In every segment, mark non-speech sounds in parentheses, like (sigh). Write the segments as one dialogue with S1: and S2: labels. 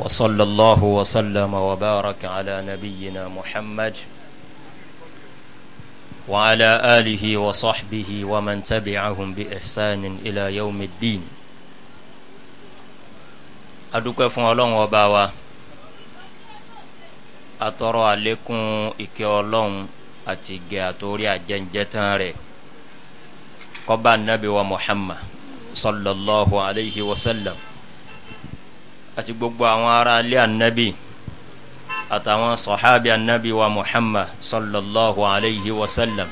S1: وصلى الله وسلم وبارك على نبينا محمد وعلى آله وصحبه ومن تبعهم بإحسان إلى يوم الدين أدوكو فون وباوا أترو عليكم إكي الله أتيجي أتوري أجنجتان النبي ومحمد صلى الله عليه وسلم àti gbogbo àwọn ará ilé anabi àtàwọn sọ̀hábì anabi wa muhammad sallallahu alayhi wa sallam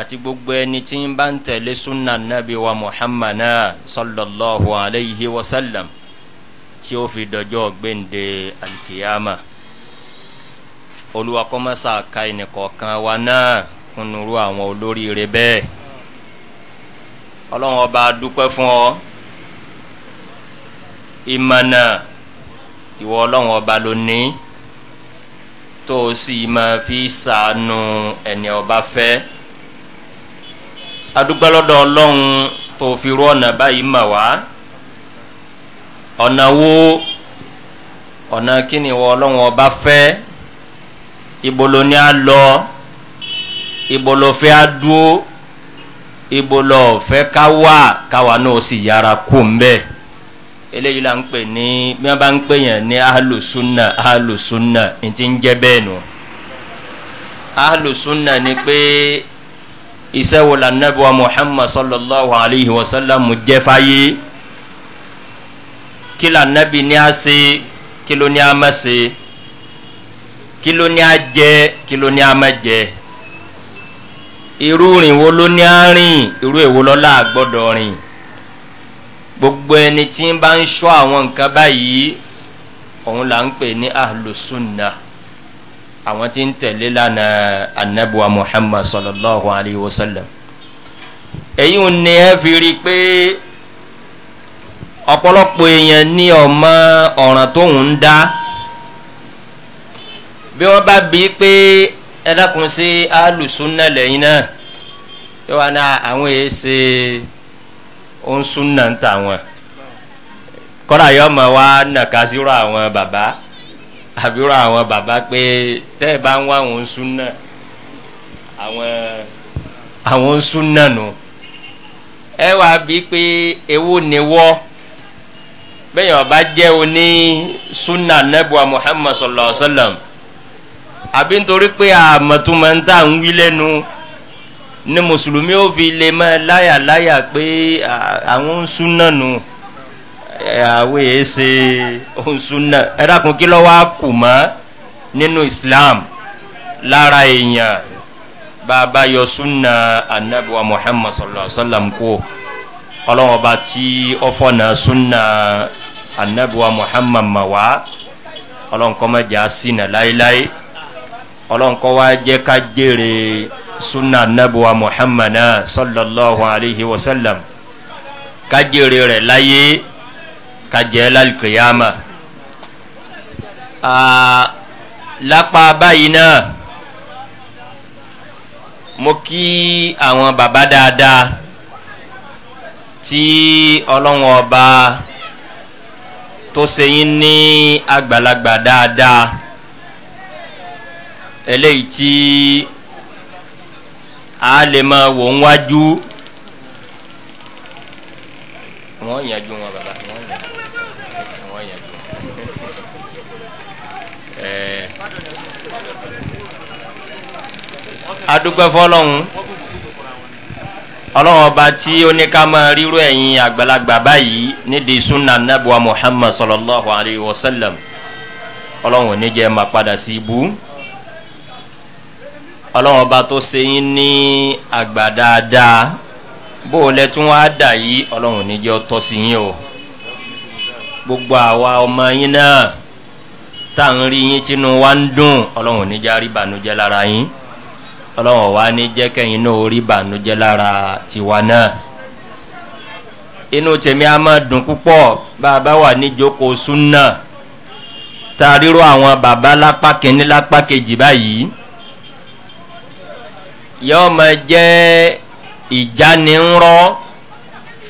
S1: àti gbogbo ẹni tí ń bá ń tẹ̀lé sunna anabi wa muhammad náà sallallahu alayhi wa sallam tí ó fi dọjọ́ gbẹ̀ǹde alkiyama olùwà kọ́mọ́sà ka ẹnìkọ̀ọ̀kan wa náà kúnnúrú àwọn olóríire bẹ́ẹ̀ ọlọ́run ọba dúpẹ́ fún ọ. Imana, ìwọ ọlọ́run ọba ló ní tó o sì máa fi sàánú ẹni ọba fẹ́ adúgbòlódò ọlọ́run tó fi rú ọ̀nà báyìí mà wá ọ̀nà wo ọ̀nà kí ni ìwọ ọlọ́run ọba fẹ́ ibolo ni a lọ ibolo fẹ́ a dúó ibolo fẹ́ ká wà káwa náà sì yára kú mbẹ́ẹ́ eléyìí la ń pè ní bí wọn bá ń pè yàn ní ahlusunna ahlusunna n ń jẹ bẹ́ẹ̀ nù ahlusunna ni pé iṣẹ́ wo la nabi wa muhammad sallallahu alayhi wa sallam jẹ́ fáyé kí la nabi ní a ṣe kí ló ní a má ṣe kí ló ní a jẹ kí ló ní a má jẹ irú rìn wo ló ní a rìn irú èwo lọ́la gbọ́dọ̀ rìn gbogbo ẹni tí ń bá ń sọ àwọn nǹkan báyìí òun là ń pè ní ahlusunna àwọn tí ń tẹ̀lé lánàá anabuwa muhammad sallallahu alayhi wa sallam èyí ń ní ẹ fi rí i pé ọ̀pọ̀lọpọ̀ èèyàn ní ọmọ ọ̀ràn tóun ń dá bí wọ́n bá bíi pé ẹ sí alùsùn lẹ́yìn náà yóò wá ná àwọn èèyàn ṣe ó ń súnà ń tà wọn kọ́ra yọ ọmọ wa nàka sírò àwọn bàbá àbírò àwọn bàbá pé tẹ́ ẹ bá ń wá àwọn ń súnà àwọn àwọn ń súnà nù ẹ wá bíi pé ewu ni wọ́ bẹ́ẹ̀ ọba jẹ́ oní súnà nẹ́bùà muhammad sallallahu alayhi wa sallam àbí nítorí pé àmọ̀tún máa ń tà ń wí lẹ́nu ni mùsùlùmí ó fi lè mọ láyàláyà pé àwọn ń súnà nù àwọn èyí ṣe ń súnà ẹ dákun kí lọ́wọ́ á kù mọ́ nínú islam lára èèyàn bàbá yọ súnà anabiwa muhammad sallallahu alaihi wa sallam kú ọlọ́wọ́n bá tí ọ̀fọ̀nà súnà anabiwa muhammad mà wá ọlọ́nkọ́ mẹ́jà sínà láéláé ọlọ́nkọ́ wá jẹ́ ká jèrè sunna nabuwa muhammadu sallallahu alaihi wasallam kajere rẹ̀ láyé kajẹ́ lálùkìyàmà lápá báyìí náà mo kí àwọn baba dáadáa tí ọlọ́wọ́n ọba tó sẹ́yìn ní àgbàlagbà dáadáa eléyìí tí a lè mọ wò ń wájú wọ́n yànjú wọn bàbá wọ́n yànjú wọ́n yànjú ẹ̀ẹ́ (laughs) eh, adúgbò fọlọ́hún ọlọ́wọ́n ọba tí ó ní ká máa ríro ẹ̀yin àgbàlagbà báyìí nídìí sunna nabuwa muhammad sallallahu alayhi wa sallam ọlọ́wọ́n oníjẹ́ máa padà sí ibú ọlọ́run ọba tó ṣe yín ní àgbà dáadáa bó o lẹ tún wá dà yìí ọlọ́run níjẹ́ ọ tọ́ sí yín o gbogbo àwa ọmọ yín náà tá à ń rí yín tínú wa ń dùn ọlọ́run níjẹ́ àríbànújẹ́ lára yín ọlọ́run wa ní jẹ́ kẹ́yìn náà orí bànújẹ́ lára tiwa náà inú tèmi a máa dùn púpọ̀ bá a bá wà níjókòó súnà tá a ríro àwọn bàbá lápá kínní lápá kejì báyìí yọọ ma jẹ́ ìjánirọ́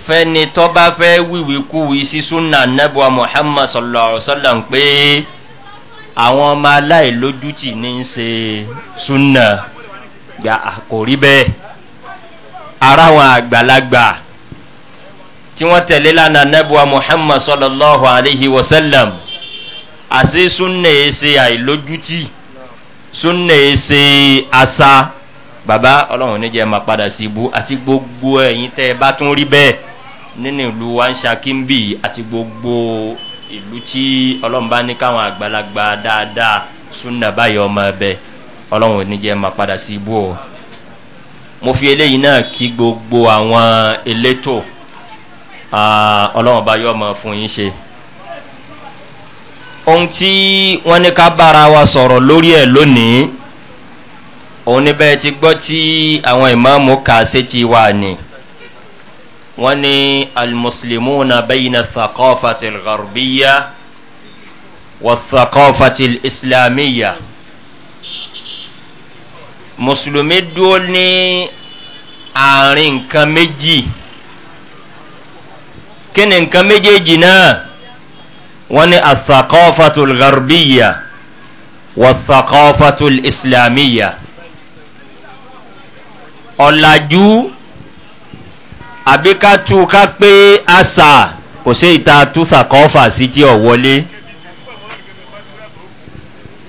S1: fẹ́ni tọ́ba fẹ́ wíwí kúwí sí sunna anabuwa muhammad sallallahu alaihi wa sallam pé àwọn ọmọ aláìlójútì ní í ṣe sunna gba àkórí bẹ́ẹ̀ ara wọn àgbàlagbà tí wọ́n tẹ̀lé lánà anabuwa muhammad sallallahu alaihi wa sallam àṣẹ sunna yìí ṣe àìlójútì sunna yìí ṣe àṣà. Baba, ọlọ́run oníjẹ́ máa padà sí ibú àti gbogbo ẹ̀yìn tẹ́ ẹ bá tún rí bẹ́ẹ̀ nínú ìlú wa ń ṣakínbì àti gbogbo ìlú tí ọlọ́run bá ní káwọn àgbàlagbà dáadáa súnà báyọ̀ ọmọ ẹbẹ̀ ọlọ́run oníjẹ́ máa padà sí ibú o mo fi eléyìí náà kí gbogbo àwọn elétò ọlọ́run bá yọ̀ ọmọ fún yín ṣe ohun tí wọ́n ní ká bára wa sọ̀rọ̀ lórí ẹ̀ lónìí òun ní bẹ́ẹ̀ ti gbọ́ tí àwọn ìmáàmù kà sétí wà ní wọ́n ní almuslimuna bayna thakofati algarbiya wa thakofati alislamiya mùsùlùmí dúró ní àárín nǹkan méjì kí ni nǹkan méjèèjì náà wọ́n ní athakofati algarbiya wa thakofati alislamiya ọ̀làjú àbí ká tú ká pé àṣà kò sí ìta túfà kọ́fà sí tí ọ̀ wọlé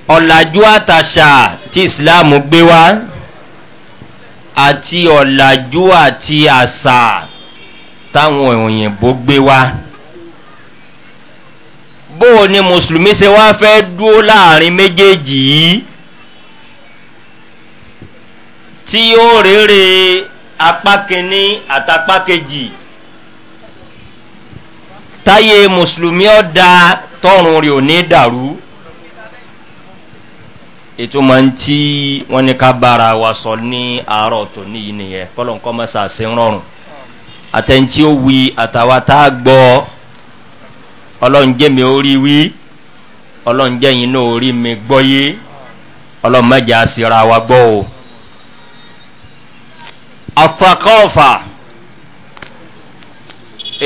S1: ọ̀làjú àtàṣà tí islam gbé wá àti ọ̀làjú àti àṣà táwọn òyìnbó gbé wá bó o ní mùsùlùmí ṣe wá fẹ́ dúró láàrin méjèèjì yìí tí yóò rere apá kínní àtàpá kejì táyé mùsùlùmí ọ̀dà tọrùn rẹ̀ ò ní dàrú ìtumọ̀ ntí wọn ni ká bára wa sọ ní àárọ̀ tó níyì nìyẹn kọ́lọ́nkọ́ mọ́sá sí ń rọrùn àtẹ̀ntí ó wí àtàwa tá a gbọ́ ọlọ́njẹ́ mi ó rí wí ọlọ́njẹ́ yìí náà ó rí mi gbọ́ yé ọlọ́mọdé àsìra wa gbọ́ o afakọ́ọ̀fà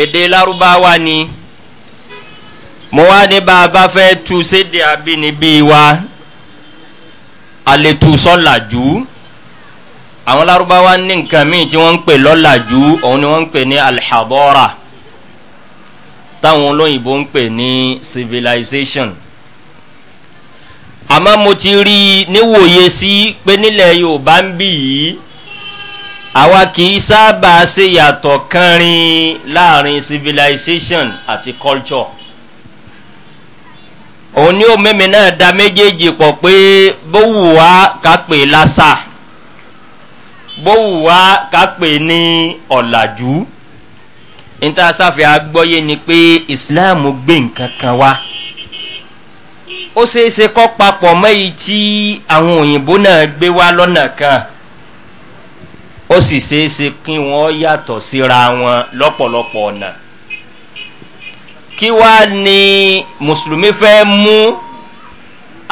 S1: èdè larubawa ni mo wá ní tu séde abínibí wa àlètò sọ́làjú àwọn larubawa ní nǹkan míì tí wọ́n ń pè lọ́làjú òun ni wọ́n ń pè ní alḥadọ́ra táwọn olóyìnbó ń pè ní civilization àmọ́ mo ti rí i níwòye sí pé nílẹ̀ yorùbá ń bì yìí àwa kì í sábà ṣe yàtọ̀ kánrin láàrin civilization àti culture òun ni ó mímí náà da méjèèjì pọ̀ pé bówù wá ká pè lásà bówù wá ká pè ní ọ̀làjú níta sáfẹ́ agbọ́yé ni pé islam gbé nǹkan kan wá ó ṣeé ṣe kọ́ papọ̀ mọ́ èyí tí àwọn òyìnbó náà gbé wá lọ́nà kan ó sì ṣeé ṣe kí wọ́n yàtọ̀ síra wọn lọ́pọ̀lọpọ̀ ọ̀nà kí wá ni mùsùlùmí fẹ́ mú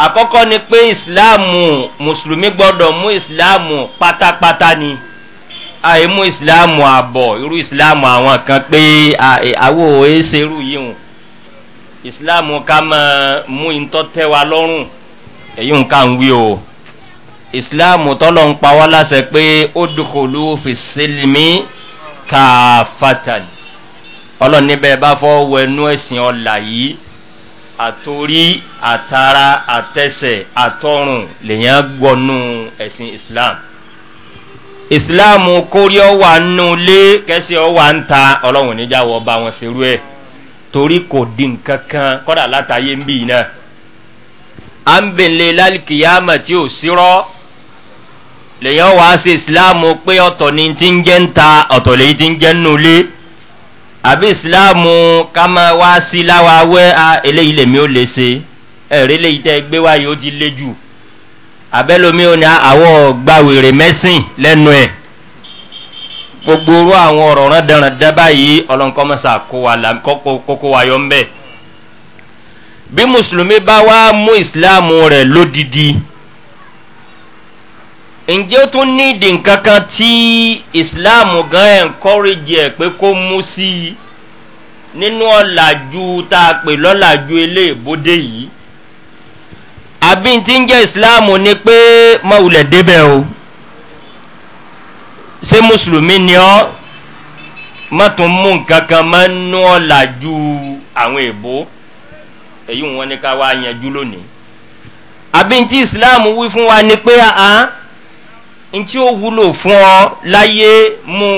S1: àkọ́kọ́ ni pé ìsìláàmù mùsùlùmí gbọ́dọ̀ mú ìsìláàmù pátápátá ni àìmú ìsìláàmù àbọ̀ irú ìsìláàmù àwọn kan pé àwò èsè irú yìí hùn ìsìláàmù ká máa mú ìtọ́tẹ́wa lọ́rùn èyí nǹkan wí o ìsìláàmù tọ́lọ̀ ń pa wá láṣẹ pé ó dùkọ̀lù fi sílmi káfàtàn ọlọ́ọ̀ni bẹ́ẹ̀ bá fọ́ wẹnú ẹ̀sìn ọ̀la yìí àtòrí àtara àtẹsẹ̀ àtọrùn lèyàn gbọ́nú ẹ̀sìn islam islam kórí ọwà nulẹ̀ kẹsì ọwà ń ta ọlọ́run níjà wọ bá wọn ṣerú ẹ̀ torí kò di nǹkan kan kọ́dà látàyé ń bì náà à ń bèlè lálìkìyàmà tí ò sírọ́ lèyàn wa ṣe ìsìláàmù pé ọ̀tọ̀ ni ti ń jẹ́ ń ta ọ̀tọ̀ lèyí ti ń jẹ́ ń nulé àbí ìsìláàmù ká máa wá sí láwa wẹ́ a eléyìí lèmi ò lè ṣe ẹ̀rí léyìí tẹ́ gbé wáyé ó ti lé jù àbẹ́lómi ò ní àwọ̀ gbàwèrè mẹ́sìn lẹ́nu ẹ̀ gbogbo orú àwọn ọ̀rọ̀ rán dẹ̀rẹ̀dẹ̀ báyìí ọlọ́nkọ́ mọ́sà kókó wa yọ ń bẹ̀ bí mùsùlùmí bá wá mú ìsìláàmù rẹ̀ lódidi ǹjẹ́ ó tún ní ìdí nǹkan kan tí islam gan encourage ẹ̀ pé kó mú sí i nínú ọ̀làjú tá a pè lọ́làjú eléèbódé yìí àbí tí ń jẹ́ islam ni pé mọ̀wùlẹ̀ débẹ̀ o ṣé mùsùlùmí ni ọ́ mọ̀tún mú nǹkan kan mọ́ nínú ọ̀làjú àwọn èèbó èyí wọn ni ká wá yanjú lónìí àbí tí islam wí fún wa ni pé àá. Uh -huh ntí ó wúlò fún ọ láyé mú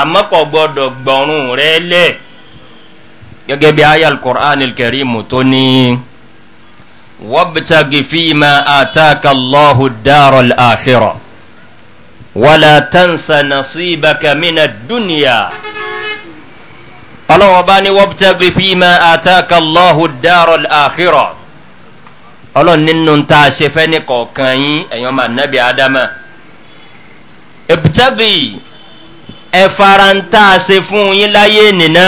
S1: àmọ́ kò gbọ́dọ̀ gbọ̀rùn rẹ lẹ̀ gẹ́gẹ́ bí ayé alukur'an kẹrin tó ní wabtagi fima ataka allahu daro al-akhira wala tansa nasibaka mina dunya ọlọ́wọ́n bá ní wabtagi fima ataka allahu daro al-akhira ọlọ́run nínú ta ṣe fẹ́ ní kọ̀ọ̀kan yín ẹ̀yàn máa nábì ádámà èbútẹ́bì ẹ fara ń tá a ṣe fún yín láyé nìna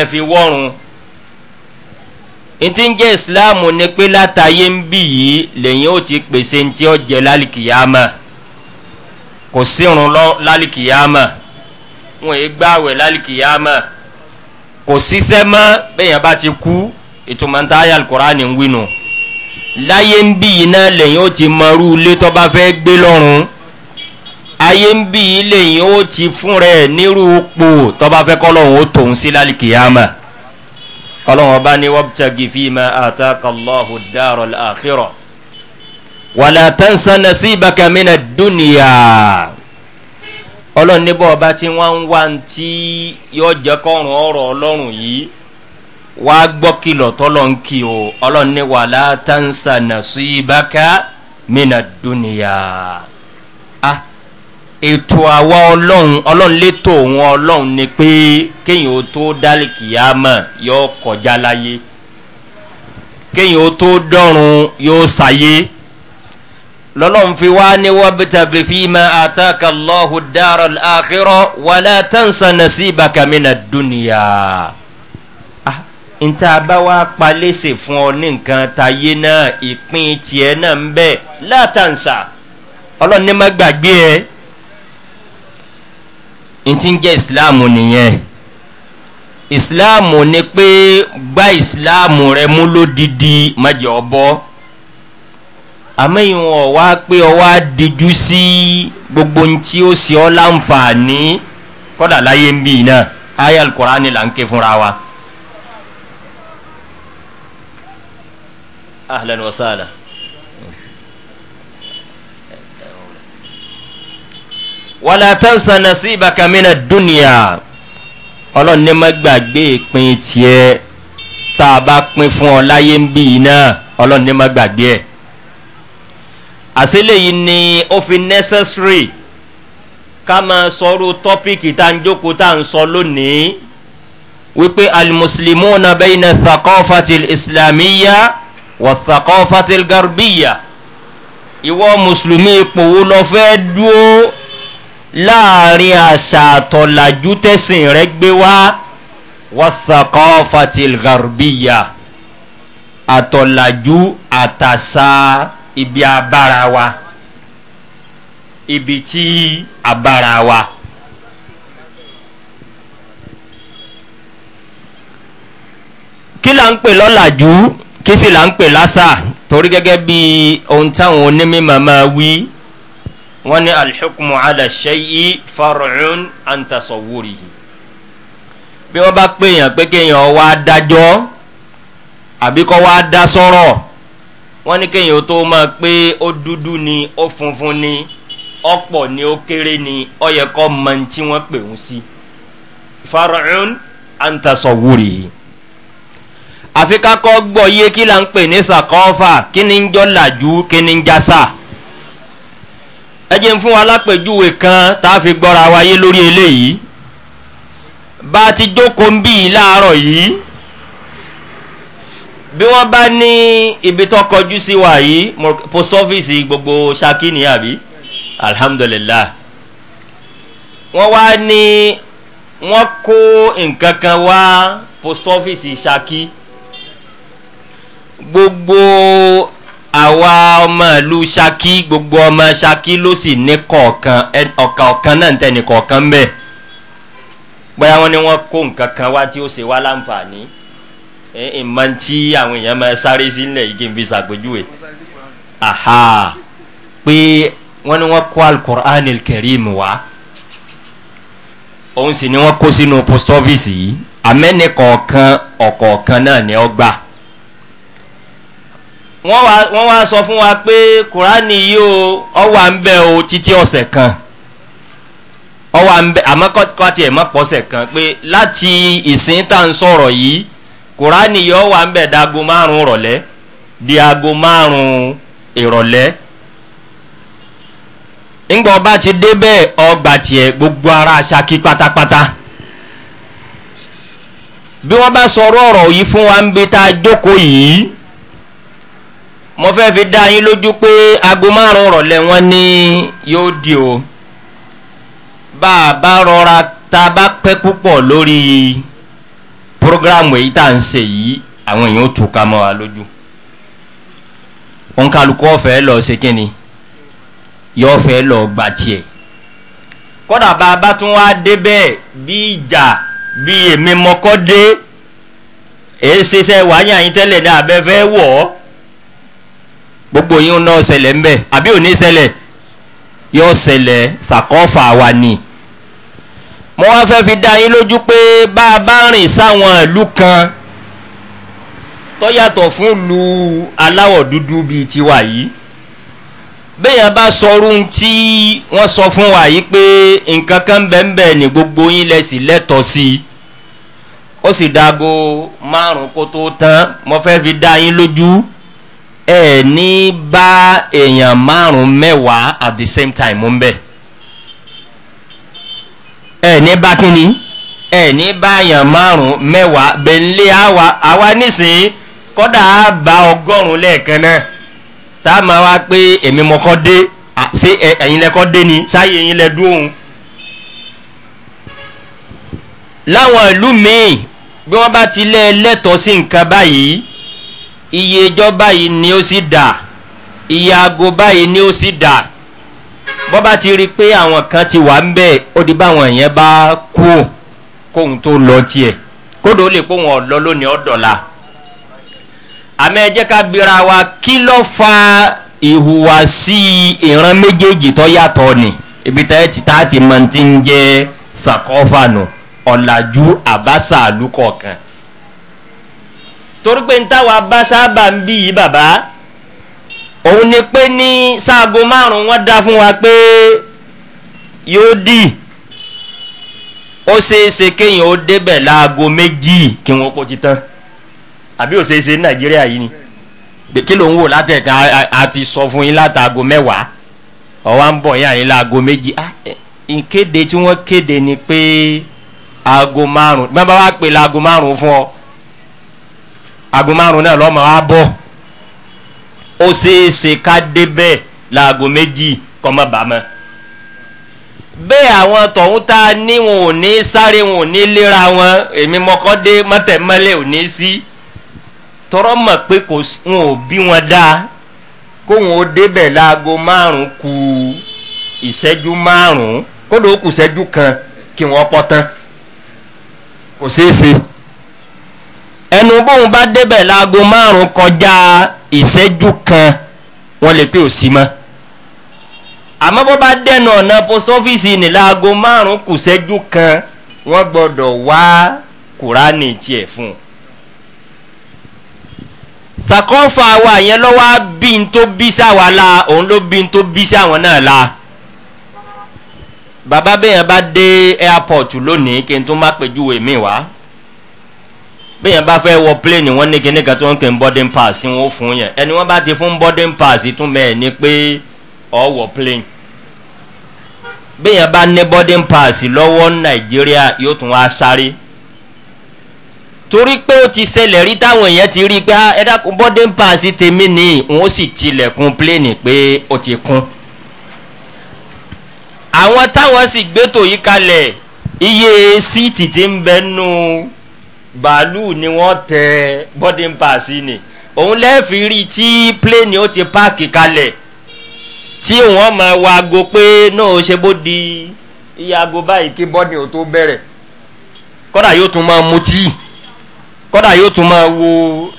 S1: ẹ fi wọ́run ntí ń jẹ́ ìsìláàmù ni pé látàyé ń bì yìí lẹ́yìn ó ti pèsè ntí ó jẹ lálìkìyàmà kò sírun lọ lálìkìyàmà wọn è gbàwẹ̀ lálìkìyàmà kò sísẹ́ mọ́ bẹ́ẹ̀ yẹn bá ti kú ìtumọ̀ ntá ayé alukóra ni ń wí nù. No láyé ń bí yìí náà lẹ́yìn ó ti mọrú ilé tó bá fẹ́ gbé lọ́rùn ayé ń bí yìí lẹ́yìn ó ti fún rẹ̀ nírú pò tó bá fẹ́ kọ́lọ́hún ó tòun sí lálìkìyàmà kọ́lọ́hún ọba ní wọ́pútàgì fíìmà àtàkàlọ́hù dàrọ̀ àkírọ̀ wàlàtàǹsán nasíbàkà mìíràn dúnìyà ọlọ́run níbọ̀ ọba tí wọ́n ń wá ti yọjẹ́ kọ́rùn ọ̀rọ̀ ọlọ́run yìí wá gbọ́ kìlọ̀ tọ́lọ̀ ń kí o ọlọ́run ní wàhálà táǹsà nàṣú ibàkà mina dúnìyà a ah, ètò àwa ọlọ́run ọlọ́run létò òun ọlọ́run ni pé kéèyàn ó tó dálìkì yá mọ̀ yóò kọjá láyé kéèyàn ó tó dọ́run yóò ṣàyé lọ́lọ́run fi wá ní wọ́bítàbí fi ma àtàkà lọ́hùn dára àkírọ́ wàhálà táǹsà nàṣú ibàkà mina dúnìyà nta bá wá palẹ́sẹ̀ fún ọ ní nǹkan tayé náà ìpín tiẹ̀ náà ń bẹ̀ látàǹsà ọlọ́ni má gbàgbé ẹ ntí ń jẹ́ ìsìláàmù nìyẹn ìsìláàmù ni pé gba ìsìláàmù rẹ mú lódìdí májẹ̀ ọbọ àmẹ́yìn wọn wá pé ọ wá díjú sí gbogbo ntí ó sì ọ́ láǹfààní kọ́dà láyé ń bì náà ayé alukóra ni là ń ké fúnra wa. ahlan وسهلا. ولا wala نصيبك من الدنيا. dunya ọlọ́run ní má gbàgbé ìpín tiẹ̀ tá a bá pín fún ọ láyé ń bì í náà ọlọ́run ní má gbàgbé ẹ̀ àṣìlẹ̀ yìí ni ó fi necessary ká máa sọ̀rọ̀ tọ́pìkì tá à ń jókòó tá à ń sọ lónìí wípé alimuslimuna bayna thaqafati islamiyya wàtàkọ́fàtìl garbiya ìwọ mùsùlùmí ipò wo lọ fẹ́ dúó láàrin àṣà àtọ̀làjú tẹ̀sìn rẹ gbé wá wàtàkọ́fàtìl garbiya àtọ̀làjú àtàṣà ibi abára wa ibi tí abára wa. kí là ń pè lọ́làjú kí sì là ń pè lásà torí gẹ́gẹ́ bí ohun táwọn onímọ̀ máa wí wọ́n ní alḥukumu adaṣẹ́yí farun antasọ̀wúrì bí wọ́n bá pè yàn pé kéèyàn wá dájọ́ àbí kọ́ wá dá sọ́rọ̀ wọ́n ní kéèyàn tó máa pé ó dúdú ni ó funfun ni ọ̀pọ̀ ni ó kéré ni ó yẹ kọ́ mọ tí wọ́n pè ń sí farun antasọ̀wúrì yìí àfi kakọ́ gbọ́ yé kí la ń pè ní sàkọ́fà kí ni ń jọ́ làjú kí ni ń jásà ẹ jẹ́ ń fún wa lápèjúwe kan tá a fi gbọ́ra wa yé lórí eléyìí bá a ti jókòó ń bí yìí láàárọ̀ yìí bí wọ́n bá ní ibi tó kọjú sí wa yìí post office gbogbo Ṣakí ni àbí alhamdulilah wọ́n wá ní wọ́n kó nǹkan kan wá post office Ṣakí gbogbo àwa ọmọ ìlú saki gbogbo ọmọ saki ló sì ní kọ̀ọ̀kan ọ̀kan ọ̀kan náà ń tẹ̀lé kọ̀ọ̀kan bẹ́ẹ̀ bóyá wọn ni wọn kó nǹkan kan wá tí ó ṣe wá láǹfààní ìmọ̀ tí àwọn èèyàn máa sáré sí yìí kí n fi ṣàpèjúwe aha pé wọ́n ní wọ́n kó alukur'an kẹrim wá òun sì ni wọ́n kó sínú post office yìí amẹ́ni kọ̀ọ̀kan ọ̀kọ̀ọ̀kan náà ni ọ gbà. wọ́n wá sọ fún wa pé kùránì yìí o ọwà ń bẹ o títí ọ̀sẹ̀ kan ọwà ń bẹ àmọ́ kọ́tí ẹ̀ mọ́ pọ̀sẹ̀ kan pé láti ìsìn tá à ń sọ̀rọ̀ yìí kùránì yìí ọwà ń bẹ dago márùn-ún ìrọ̀lẹ́ di aago márùn-ún ìrọ̀lẹ́ ńgbọ́ bá ti débẹ̀ ọgbà tiẹ̀ gbogbo ara aṣáki pátápátá bí wọ́n bá sọ ọ̀rọ̀ yìí fún wa ń bi tá a jókòó yìí. mo fẹ́ fi dá yín lójú pé aago márùn-ún rọ̀lẹ́ wọn ni yóò di o bá a bá rọra ta bá pẹ́ púpọ̀ lórí programu èyí tá à ń ṣe yìí àwọn èèyàn ó tù ká mọ́ wa lójú òǹkàlùkọ́ ọ̀fẹ́ lọ ṣe kí ni yọ fẹ́ lọ gba tiẹ̀ kódà bá a bá tún wá débẹ̀ bí ìjà bí èmi mọ́kọ́ dé èé ṣiṣẹ́ wáyà yín tẹ́lẹ̀ ní abẹ́fẹ́ wọ̀ ọ́ gbogbo yín náà ṣẹlẹ̀ ńbẹ̀ àbí òní ṣẹlẹ̀ yóò ṣẹlẹ̀ fàkọ́fà wa ni mo wá fẹ́ fi dá yín lójú pé bá a bá rìn sáwọn ìlú kan tó yàtọ̀ fún lu aláwọ̀ dúdú bíi tiwa yìí béèyàn bá sọrú tí wọ́n sọ fún wa yìí pé nǹkan kan bẹ́ẹ̀ ni gbogbo yín lẹ́sì lẹ́tọ̀ọ́ sí i ó sì dago márùn-ún kó tó tán mo fẹ́ fi dá yín lójú ẹ̀ ní bá èèyàn márùn-ún mẹ́wàá at the same time ń bẹ̀ ẹ̀ ní bá kínní ẹ̀ ní bá èèyàn márùn-ún mẹ́wàá bẹ̀ẹ́lẹ́ àwa àwa nísìnyí kọ́dà á bá ọgọ́rùn-ún lẹ́ẹ̀kan náà tá a máa wá pé èmi mo kọ́ dé ṣé ẹ̀yin lẹ kọ́ dé ni sáyé ẹ̀yin lẹ dún òun. láwọn ìlú míì bí wọ́n bá ti lé ẹlẹ́tọ̀ọ́ sí nǹkan báyìí iye ẹjọ́ báyìí ni ó sì dà iye aago báyìí ni ó sì dà bọ́bá ti rí i pé àwọn kan ti wà ń bẹ̀ ó di báwọn yẹn bá kú kóhun tó lọ tiẹ̀ kódò ó lè kóhun ọ̀lọ́ lónìí ọ̀dọ̀la àmọ́ ẹ ká gbéra wa kí ló fa ìhùwàsí ìran méjèèjì tó yàtọ̀ ni ibi tẹ́ ti tá ti mọ̀ ti ń jẹ́ sàkọ́fà ọ̀làjú àbáṣà àlùkọ̀ọ̀kan torí pé ntáwa bá sábà ń bí yìí bàbá òun ni pé ní sáago márùn wọn dá fún wa pé yóò dì ó ṣeéṣe kéèyàn ó débẹ̀ láago méjì kí wọn kó ti tán àbí ó ṣeéṣe ní nàìjíríà yìí ni kí ló ń wò látẹ̀ka àti sọ fún yín látàgo mẹ́wàá ọ̀wá ń bọ̀ yín àyín láago méjì ah, ìkéde tí wọ́n kéde ni pé aago márùn bí wọ́n bá wá pè láago márùn fún ọ. aago márùn náà lọ́mọ á bọ̀ ó ṣeéṣe ká débẹ̀ méjì kọ́mọ bàmọ́ bẹ́ẹ̀ àwọn tọ̀hún tá a ní wọn ò ní sáré wọn ò ní wọn èmi ò ní sí tọrọ mọ̀ pé kò wọn ò bí wọn dáa kó wọn ó débẹ̀ láago márùn ku ìṣẹ́jú márùn kan kí wọ́n pọ́ ẹnu bóun bá débẹ̀ láago márùn kọjá ìṣẹ́jú kan wọ́n lè pé òsì mọ́ àmọ́ bó bá dẹnu ọ̀nà post office ní láago márùn kù ṣẹ́jú kan wọ́n gbọ́dọ̀ wá kùránì tiẹ̀ fún un. sàkọ́fà wa yẹn lọ́wọ́ bí n tó bí sáwa la òun ló bí n tó bí sáwọn náà la bàbá bẹ́yẹn bá dé airport lónìí kí n tó má pèjúwe mi wá bẹ́yẹn bá fẹ́ wọ plane wọ́n ní kíní kan tí wọ́n ń boarding pass tí wọ́n fún yẹn ẹni wọ́n bá ti fún boarding pass tún mẹ́ẹ̀ ni pé ọ wọ plane bẹ́yẹn bá ní boarding pass lọ́wọ́ nàìjíríà yóò tún wá sáré torí pé ó ti ṣẹlẹ̀ rí táwọn èèyàn ti rí i pé ah, ẹ dákun boarding pass tèmi ni òun sì tilẹ̀kùn plane pé ó ti kún àwọn táwọn sì gbẹ́tò yìí kalẹ̀ iye síìtì ti ń bẹ́ẹ̀ nù. No bàálù ni wọ́n tẹ boarding pass ni òun lẹ́ẹ̀fì rí tí plane ó ti páàkì kalẹ̀ tí wọ́n máa wá aago pé náà ṣe bó di iye aago báyìí kí bọ́ọ̀dì ò tó bẹ̀rẹ̀ kọ́dà yóò tún máa mutí kọ́dà yóò tún máa wo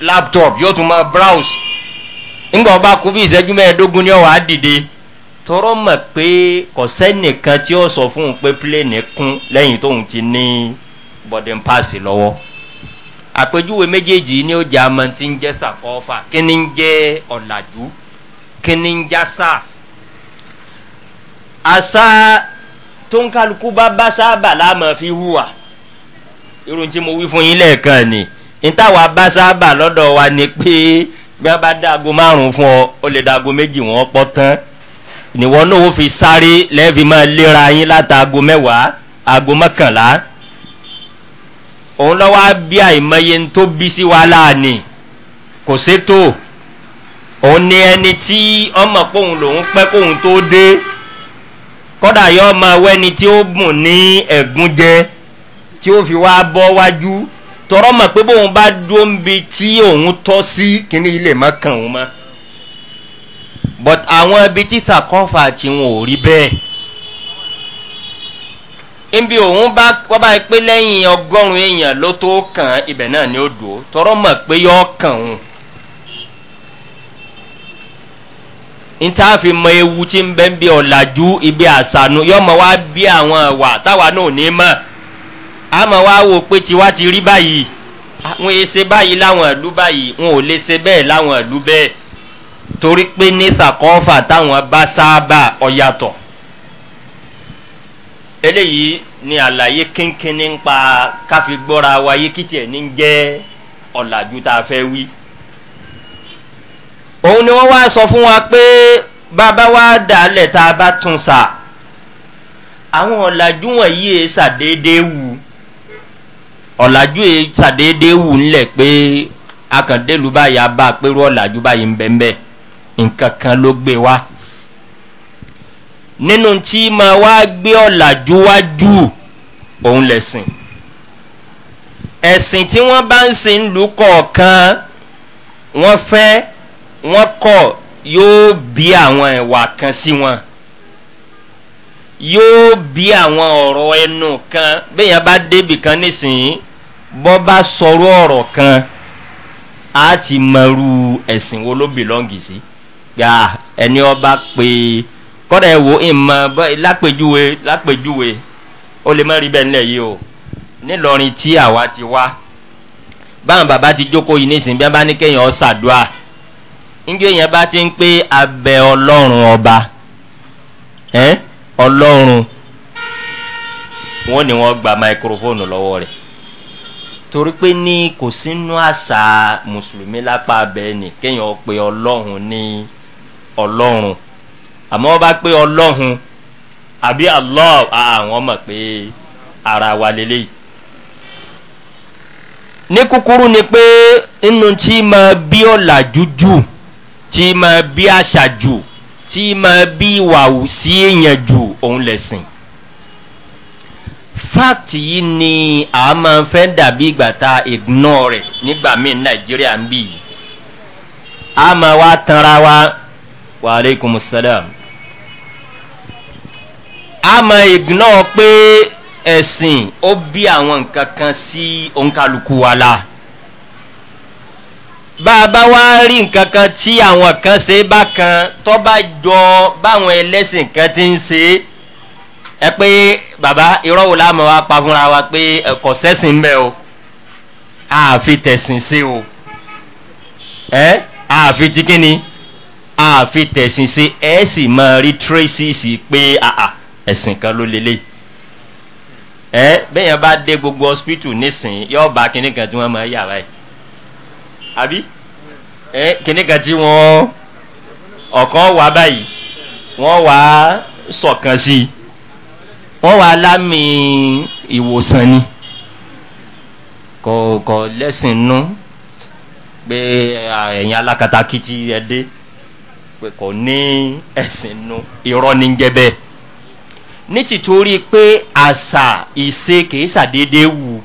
S1: laptop yóò tún máa browse ńgbà ọba kú bí ìṣẹ́jú mẹ́ẹ̀ẹ́dógún ni ó wàá dìde tọrọ mọ̀ pé kò sẹ́nìkan tí ó sọ fún un pé plane kún lẹ́yìn tóun ti ní boarding pass lọ́wọ́ àpèjúwe méjèèjì ni ó jẹ́ àmọ́ tí ń jẹ́ sàkọ́fà kí ni ń jẹ́ ọ̀làjú kí ni ń já sá àṣà tó ń kálukú bá bá sábà láàmú fi hùwà irun tí mo wí fún yín lẹ́ẹ̀kan ni ntàwa bá sábà lọ́dọ̀ wa ni pé bí wọ́n bá dáago márùn-ún fún ọ ó lè dáago méjì wọ́n pọ́ tán níwọ̀n náà ó fi sáré lẹ́ẹ̀fì máa léra yín látàgo mẹ́wàá aago mọ́kànlá òun lọ́wọ́ bí àìmọye tó bí sí wa láàánì kò sétò òun ni ẹni tí ọmọ póun lòun pẹ́ kóun tó dé kọ́dà yọ ọmọ wẹ́ni tí ó bùn ní ẹ̀gún jẹ tí ó fi wá bọ́ wájú tọrọ mọ̀ pé bóun bá dúró ń bi tí òun tọ́ sí kíní ilé mọ́ kàn òun mọ́ but àwọn ibi tí sàkọ́fà tí wọn ò rí bẹ́ẹ̀ nbi òun bá wọ́n bá pé lẹ́yìn ọgọ́rùn-ún èèyàn ló tó kàn ibẹ̀ náà ni ó dùn ó tọrọ mọ̀ pé yọ kàn òun. níta fi mọ ewu tí ń bẹ́ ń bí ọ̀làjú ibi àṣànú yọmọ wá bí àwọn ẹ̀wà táwa náà ní mọ̀ àmọ́ wá wò pé tiwa ti rí báyìí wọn ẹ e ṣe báyìí láwọn ìlú báyìí wọn ò lè ṣe bẹ́ẹ̀ láwọn ìlú bẹ́ẹ̀ torí pé ní sàkọ́fà táwọn bá sáábà ọ̀yàtọ̀ eléyìí ni àlàyé kínkínní ń pa káfi gbọ́ra wáyé kìtì ẹ̀ ní jẹ́ ọ̀làjú tá a fẹ́ wí. òun ni wọ́n wá sọ fún wa pé bàbá wa dàálẹ̀ tá a bá tún sà àwọn ọ̀làjú wọ̀nyí ẹ̀ e sàdédé wù ọ̀làjú ẹ̀ e sàdédé wù ńlẹ̀ pé akàndélùbáyà bá a pérò ọ̀làjú báyìí ń bẹ́ẹ̀ nǹkan kan ló gbé wa nínú tí ma wá gbé ọ̀làjú wájú òun lẹ̀sìn ẹ̀sìn tí wọ́n bá ń sin ìlú kọ̀ọ̀kan wọ́n fẹ́ wọ́n kọ̀ yóò bí àwọn ìwà kan sí wọn yóò bí àwọn ọ̀rọ̀ ẹnu kan bẹ́ẹ̀yàn bá débì kan nísìnyí bọ́ bá sọ̀rọ̀ ọ̀rọ̀ kan á ti mọ̀rú ẹ̀sìn wo ló bìlọ́ǹgì sí gbà ẹni ọba pé. Si kọ́dà ẹ̀ wo ìmọ̀ lápèjúwe lápèjúwe ó lè má rí bẹ́ẹ̀ nílẹ̀ yìí o nílọrin tí àwa ti wá báwọn bàbá ti jókòó yìí nísìnyí bí wọn bá ní kéèyàn ṣàdúrà níjó yẹn bá ti ń pé abẹ ọlọ́run ọba ọlọ́run wọn ni wọn gba máikrófóònù lọ́wọ́ rẹ̀ torí pé ní kò sínú àṣà mùsùlùmí lápá abẹ ni kéèyàn pe ọlọ́run ní ọlọ́run àmọ́ wọ́n bá pé ọlọ́hun àbí allah àwọn mọ̀ pé ara wa lélẹ́yìí ní kúkúrú ni pé nínú tí máa bí ọ̀làjú jù tí máa bí àṣà jù tí máa bí ìwàwù sí èèyàn jù òun lẹ̀sìn fact yìí ni a máa fẹ́ dàbí ìgbà ta ignore rẹ̀ nígbà míì nàìjíríà ń bì yìí a máa wá tanra wa wa aleykum àmọ́ ìgbìnà pé ẹ̀sìn ó bí àwọn nǹkan kan sí òǹkàlùkù wa la bá a bá wá rí nǹkan kan tí àwọn kan ṣe bákan tó bá jọ báwọn ẹlẹ́sìn kan ti ń ṣe ẹ pé bàbá irọ́ wo láàmú wa pa fúnra wa pé ẹ̀kọ́ sẹ́sìn ń o àfi tẹ̀sìn sí o ẹ àfi ti kí ni àfi tẹ̀sìn sí ẹ sì máa rí tracy sí pé àà ẹ̀sìn kan ló lélẹ̀ ẹ bẹ́yẹn bá dé gbogbo hospital nísìn yóò bá kinní kan tí wọ́n máa yà báyìí àbí ẹ kinní kan tí wọ́n ọ̀kan wà báyìí wọ́n wà sọ̀kan sí i wọ́n wà lámì ìwòsàn ni kò kò lẹ́sìn nú pé ẹ̀yin alákatakí ti pé kò ní ẹ̀sìn nú irọ́ ní jẹ́ bẹ́ẹ̀ ní tìtorí pé àṣà ìṣe kìí ṣàdédé wù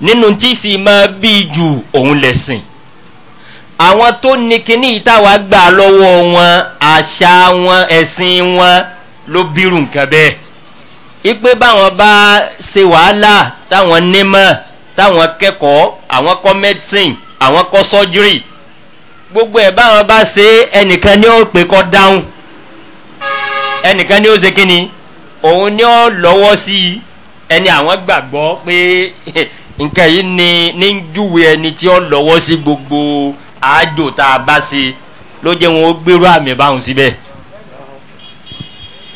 S1: nínú tí sì máa bí ju òun lẹ̀sìn àwọn tó ní kíní ìtawà gbà lọ́wọ́ wọn àṣà wọn ẹ̀sìn wọn ló bírù nǹkan bẹ́ẹ̀ ipe báwọn bá ṣe wàhálà táwọn nímọ̀ táwọn kẹ́kọ̀ọ́ àwọn kọ́ medicine àwọn kọ́ surgery gbogbo ẹ̀ báwọn bá ṣe ẹnìkan ní ó kọ́ dáhùn ẹnìkan ni ó ṣe kíni òun ní ọ lọ́wọ́ sí i ẹni àwọn gbàgbọ́ pé (laughs) nǹkan yìí ni ní júwe ẹni tí ó lọ́wọ́ sí gbogbo àájò tá a bá ṣe ló jẹ́ wọn ó gbèrú àmì báwọn síbẹ̀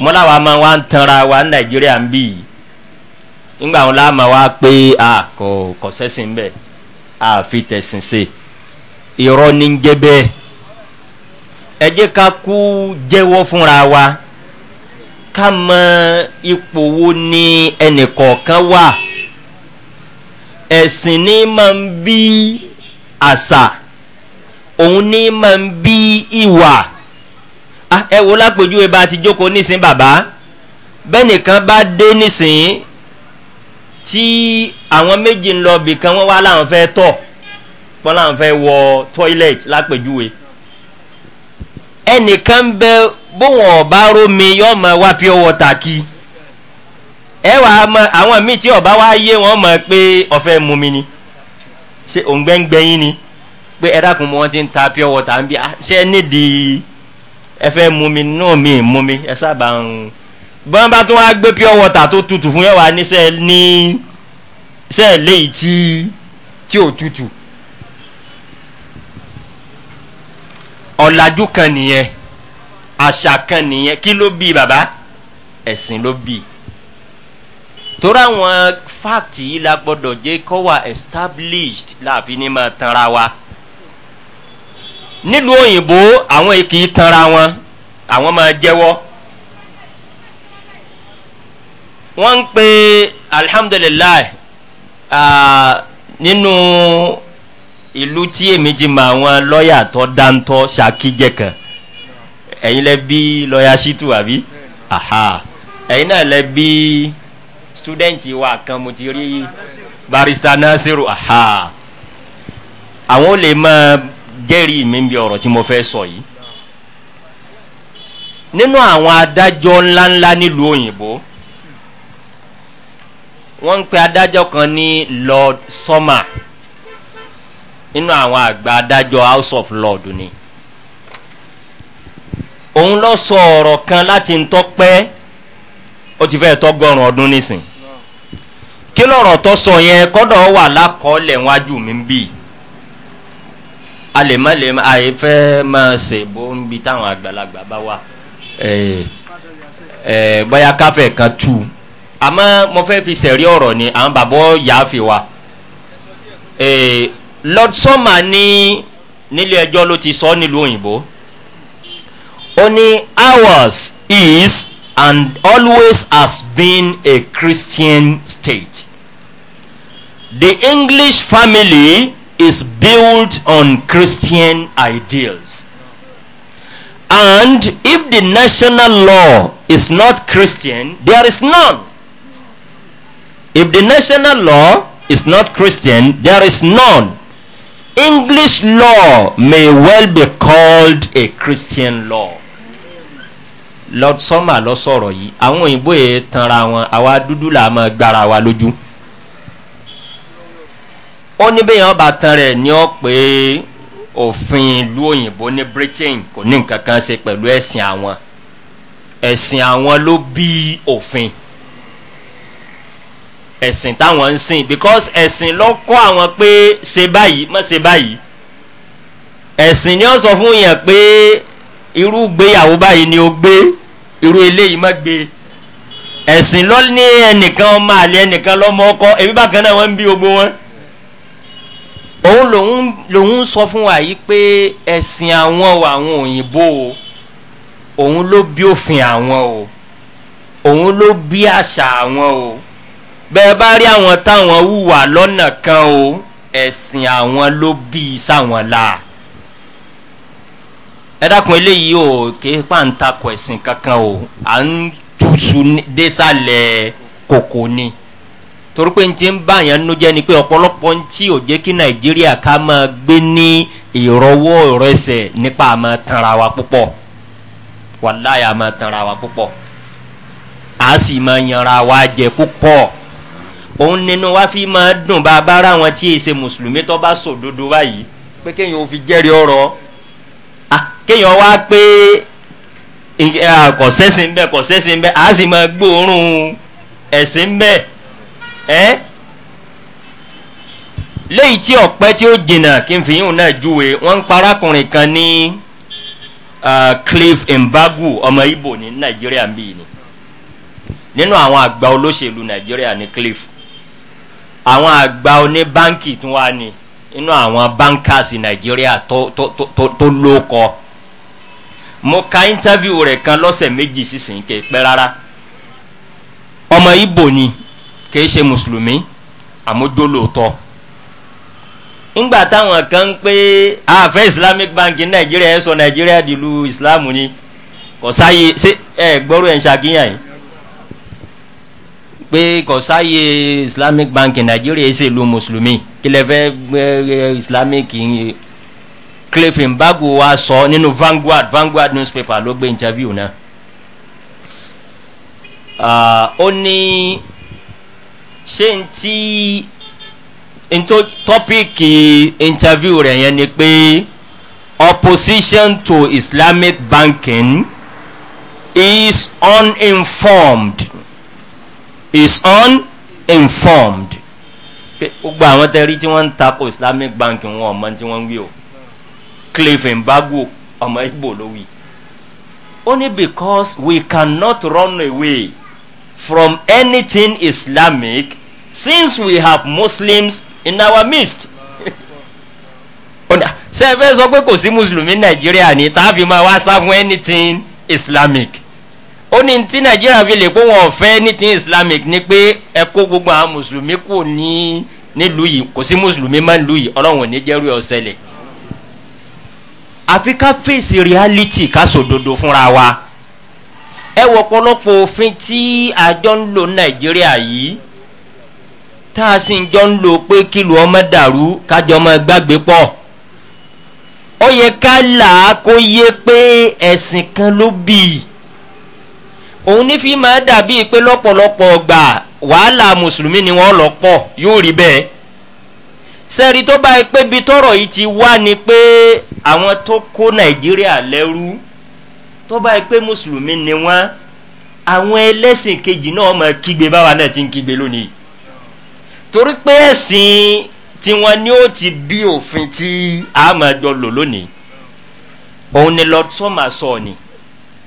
S1: mọ́láwa máa wá ń tanra wa ní nàìjíríà ń bì nígbà wọn láàmà wá pé a kò kò a fi tẹ̀sìn ṣe ń jẹ́ bẹ́ẹ̀ ẹ jẹ́ ká kú wa. ká mọ ipò wo ni ẹnìkọ̀ọ̀kan wà ẹ̀sìn ní máa ń bí àṣà òun ní máa ń bí ìwà ẹ wo lápèjúwe bá ti jókòó nísìn bàbá bẹ́ẹ̀ nìkan bá dé nísìn tí àwọn méjì ń lọ bìkan wọ́n wá láwọn fẹ́ tọ̀ pọ́n láwọn fẹ́ wọ toilet lápèjúwe ẹnìkan bẹ́ẹ̀ bóun ọba rómi yóò mọ wá pure water kí ẹ wà á mọ àwọn míì tí ọba wá yé wọn mọ pé ọfẹ mu mi ni ṣé òǹgbẹ́ngbẹ́yìn ni pé ẹ dákun mọ wọn ti ń ta pure water ń bí ah, ṣé nídìí ẹ fẹ́ mu mi náà mi mu mi ẹ sábà ń bọ́n bá tún wá gbé pure water tó tutù fún yẹn wà ní sẹ́ẹ̀ ní sẹ́ẹ̀ léyìí tí tí ò tutù ọ̀làjú kan nìyẹn àṣà kan nìyẹn kí ló bí baba ẹ̀sìn ló bí torí àwọn fáàtì yìí la gbọdọ̀ jẹ́ kó wà established láàfin ní ma tanra wa nílùú òyìnbó àwọn kì í tanra wọn àwọn máa jẹ́wọ́ wọ́n ń pe alihamudulilayi nínú ìlú tí èmi ti mọ àwọn lọ́ọ̀yà tó dáńtọ́ ṣàkíjẹ kan ẹ̀yin lẹ bí lọ́yà ṣítù àbí ẹ̀yin náà lẹ bí stúdẹ̀ǹtì wa kan mo ti rí barista nasiru àwọn ò lè máa jẹ́rìí mi bí ọ̀rọ̀ tí mo fẹ́ sọ yìí nínú àwọn adájọ́ ńláńlá nílùú òyìnbó wọ́n ń pe adájọ́ kan ní lord summer nínú àwọn àgbà adájọ́ house of lord ni òun lọ sọ ọrọ kan láti ń tọ́pẹ́ ó ti fẹ́ tọ́gọ́rùn ọdún nísìn kí lọ́rọ̀ tó sọ yẹn kọ́dọ̀ wà lákọọ́lẹ̀ wájú mi ń bì a ife ma lè má àyè fẹ́ máa ṣèbó ń bi táwọn àgbàlagbà bá wà bóyá káfẹ́ kan mo fẹ́ fi sẹ̀rí ọ̀rọ̀ ni àwọn bàbá yà á fi wa lord sọ́mà ní nílé ẹjọ́ ló ti sọ nílùú òyìnbó. Only ours is and always has been a christian state the english family is built on christian ideals and if the national law is not christian there is none if the national law is not christian there is none english law may well be called a christian law lọ sọ́mà lọ sọ̀rọ̀ yìí àwọn òyìnbó yẹn tanra wọn àwa dúdú là á máa gbára wa lójú. ó ní bẹ́ẹ̀ yẹn ọba tan rẹ̀ ní ọ pé òfin ìlú òyìnbó ní britain kò ní nǹkan kan ṣe pẹ̀lú ẹ̀sìn àwọn ẹ̀sìn àwọn ló bí òfin ẹ̀sìn táwọn ń sìn because ẹ̀sìn ló kọ́ àwọn pé ṣe báyìí má ṣe báyìí ẹ̀sìn ni ó sọ fún yẹn pé irú gbéyàwó báyìí ni ó gbé irú eléyìí má gbé ẹ̀sìn lọ ní ẹnìkan ọmọ àlè ẹnìkan lọ́mọ ọkọ ẹbí bákan náà wọ́n ń bí gbogbo wọn òun lòun lòun sọ fún wa yìí pé ẹ̀sìn àwọn àwọn òyìnbó o òun ló bí òfin àwọn o òun ló bí àṣà àwọn o bẹ́ẹ̀ bá rí àwọn táwọn hùwà lọ́nà kan o ẹ̀sìn àwọn ló bí sáwọn la ẹ̀dàkùn eléyìí ò kéé pàǹtakọ̀ ẹ̀sìn kankan o à ń túṣu désàlẹ̀ kòkò ni torí pé n ti ń bá yẹn nu jẹ́ ni pé ọ̀pọ̀lọpọ̀ ń tí ò jẹ́ kí nàìjíríà ká máa gbé ní ìrọwọ́ ìrẹsẹ̀ nípa àmọ́ tanra wa púpọ̀ wàláyà àmọ́ tanra wa púpọ̀ a sì máa yanra wa jẹ púpọ̀ òun nínú wa fi máa dùn bá a àwọn tí èsè mùsùlùmí tó bá sòdodo báyìí pé kéèyàn ò fi jẹ́rìí ọ̀rọ̀ kéèyàn wá pé kọ̀sẹ́sìn bẹ́ẹ̀ kọ̀sẹ́sìn bẹ́ẹ̀ a sì máa gbóòórùn ẹ̀sìn bẹ́ẹ̀ ẹ́ léyìí tí ọ̀pẹ́ tí ó jìnnà kí n fi yín náà júwe wọ́n ń parákùnrin kan ní cliff mbagu ọmọ ibo ní nàìjíríà ń bì ní nínú àwọn àgbà olóṣèlú nàìjíríà ní cliff àwọn àgbà oní báńkì tún wá ní nínú àwọn báńkàsì nàìjíríà tó lóko. To, to, to, to mo ka interview rẹ̀ kan lọ́sẹ̀ méjì sísìn kẹ́ pẹ́ rárá ọmọ ibo ni kì í ṣe mùsùlùmí àmójólóòtọ́ ńgbà táwọn kan ń pé àfẹ́ islamic bank nàìjíríà ẹ̀ sọ nàìjíríà dìlú islam ni kò sáyé ṣé ẹ gbọ́rọ̀ ẹ̀ ń ṣàkíyàn yìí pé kò sáyé islamic bank nàìjíríà ẹ̀ ṣèlú mùsùlùmí kí lè fẹ́ islamic yìí cliff mbago wa sọ nínú vanguard vanguard newspaper ló gbé interview náà ah, ó ní ṣé n tí topic interview rẹ̀ yẹn ni pé opposition to islamic banking is uninformed is uninformed gbogbo àwọn tẹ́rí tí wọ́n ń takò islamic banking wọn ò mọ tí wọ́n ń wí o clavin bago ọmọ ibo ló wí only because we cannot run away from anything islamic since we have muslims in our midst ṣe ẹ fẹ́ sọ pé kò sí mùsùlùmí nàìjíríà ní tàbí máa wá sá fún anything islamic ó ní tí nàìjíríà fi lè kó wọn ọ̀fẹ́ anything islamic ni pé ẹ kó gbogbo àwọn mùsùlùmí kù ní nílùú yìí kò sí mùsùlùmí máa ń yìí ọlọ́run ò ní jẹ́rú ọ̀sẹ̀ lẹ̀ àfi ká fèsì reality ká sòdodo fúnra wa ẹ wọ ọ̀pọ̀lọpọ̀ òfin tí àjọ ń lò nàìjíríà yìí tá a sì ń jọ ń lò pé kílù ọmọ dàrú kájọ ọmọ gbàgbé pọ̀ ó yẹ ká là á kó yé pé ẹ̀sìn kan ló bì í òun ní fi máa dàbí pé lọ́pọ̀lọpọ̀ gbà wàhálà mùsùlùmí ni wọ́n lọ pọ̀ yóò rí bẹ́ẹ̀ sẹ́ẹ̀rì tó bá pé bí tọ́rọ̀ yìí ti wá ni pé àwọn tó kó nàìjíríà lẹ́rú tó báyìí pé mùsùlùmí ni wọ́n àwọn ẹlẹ́sìn kejì náà mọ̀ kígbe báwa náà ti ń kígbe lónìí torí pé ẹ̀sìn tiwọn ni ó ti bí òfin tí a máa jọ lò lónìí òun ni lord sọ́mà sọ ni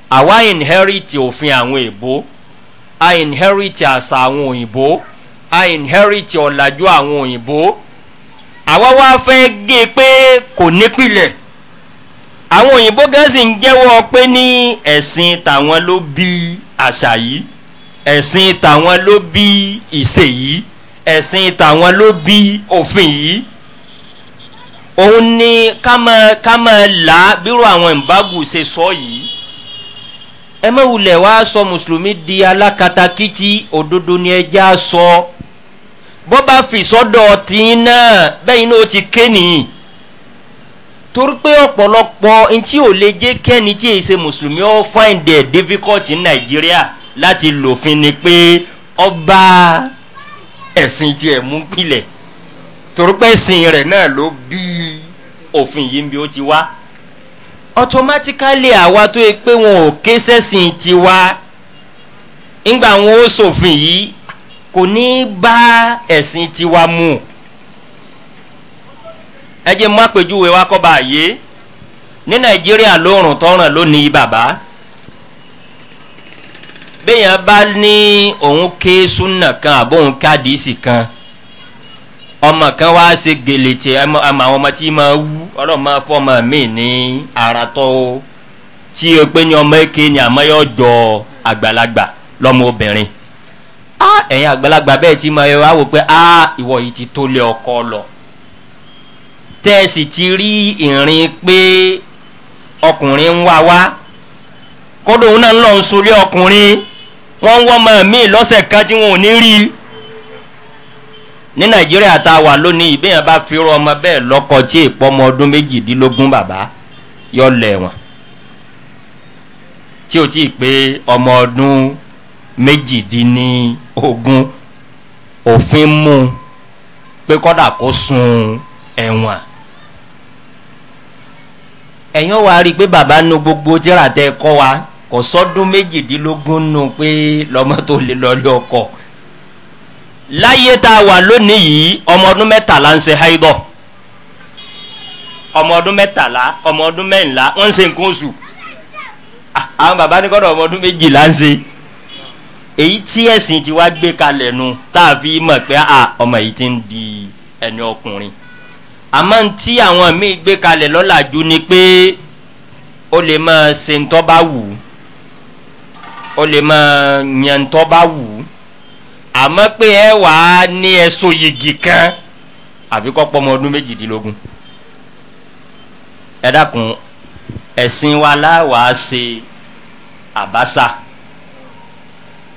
S1: àwa inherit òfin àwọn èèbó a inherit àṣà àwọn òyìnbó a inherit ọ̀làjú àwọn òyìnbó àwa wá fẹ́ gé pé kò nípìlẹ̀ àwọn òyìnbó gẹ̀ẹ́sì ń jẹ́wọ́ pé ní ẹ̀sìn tàwọn ló bí àṣà yìí ẹ̀sìn tàwọn ló bí ìṣe yìí ẹ̀sìn tàwọn ló bí òfin yìí òun ni kámọ kámọ là bírò àwọn ìbágù ṣe sọ yìí ẹ má wulẹ̀ wá sọ mùsùlùmí di alákatakítí òdodo ni ẹ sọ bọ́ bá fi sọ́dọ̀ tí náà bẹ́ẹ̀ ó ti ké nìyí torí pé ọ̀pọ̀lọpọ̀ ntí ò lè jẹ́ kẹ́ni tí èyí mùsùlùmí ó find it difficult in Nigeria láti lòfin ni pé ọba ẹ̀sìn tiẹ̀ mú pilẹ̀ torí pé ẹ̀sìn rẹ̀ náà ló bí òfin yìí bí ó ti wá automatically àwa tó yẹ pé wọn ò ké sẹ́sìn tiwa ńgbà wọn ó ṣòfin yìí kò ní bá ẹ̀sìn tiwa mu ẹ jẹ́ mọ́ wa kọ́ bá yé ní nàìjíríà lóòrùn tọ́ràn lónìí bàbá béèyàn bá ní òun ké súnà kan àbó òun kádìísì kan ọmọ kan wá ṣe gèlè tí àwọn ọmọ tí máa wú ọlọ́run máa mi ní ara tí o pé ní ọmọ eke ni àmọ́ yóò jọ àgbàlagbà lọ́mọ obìnrin ẹ̀yin àgbàlagbà bẹ́ẹ̀ tí máa yọ wá wò pé ìwọ yìí ti tó lé ọkọ lọ. tẹ́ẹ̀sì ti rí ìrìn pé ọkùnrin ń wá wá kódò òun náà ń lọ ń ọkùnrin wọ́n ń wọ́n mọ̀ lọ́sẹ̀ kan tí wọn ò ní rí i ní nàìjíríà tá wà lónìí ìbéèyàn bá fi rọ ọmọ bẹ́ẹ̀ lọ́kọ tí èèpọ̀ ọmọ ọdún méjìdínlógún o ti pé ọmọ ọdún méjìdínlógún òfin mú pé kọ́dà kó sun ẹ̀wọ̀n. ẹ̀yin wa rí i pé bàbá nu gbogbo tíra tẹ kọ́ wa kò sọ́dún méjìdínlógún nu pé lọ́mọ tó lè lọ́lé ọkọ̀ láyé tá a wà lónìí yìí ọmọ ọdún mẹ́tàlá ń ṣe haidọ̀ ọmọ ọdún mẹ́tàlá ọmọ ọdún mẹ́ńlá wọ́n ń ṣe nǹkan oṣù àwọn bàbá ní kọ́dọ̀ ọmọ ọdún méjìlá ń ṣe èyí tí ẹ̀sìn ti wá gbé kalẹ̀ nu tá a fi mọ̀ pé ọmọ yìí ti ń di ẹni ọkùnrin àmọ́ tí àwọn míì gbé kalẹ̀ lọ́làjú ni pé ó lè máa ṣe ń tọ́ bá wù ú ó lè máa yan ń tọ́ bá wù ú àmọ́ pé ẹ wà á ní ẹ̀sùn yìgì kan àfi kọ́ pọ́mọ ọdún méjìdínlógún ẹ dákun ẹ̀sìn wa láwàá ṣe àbáṣà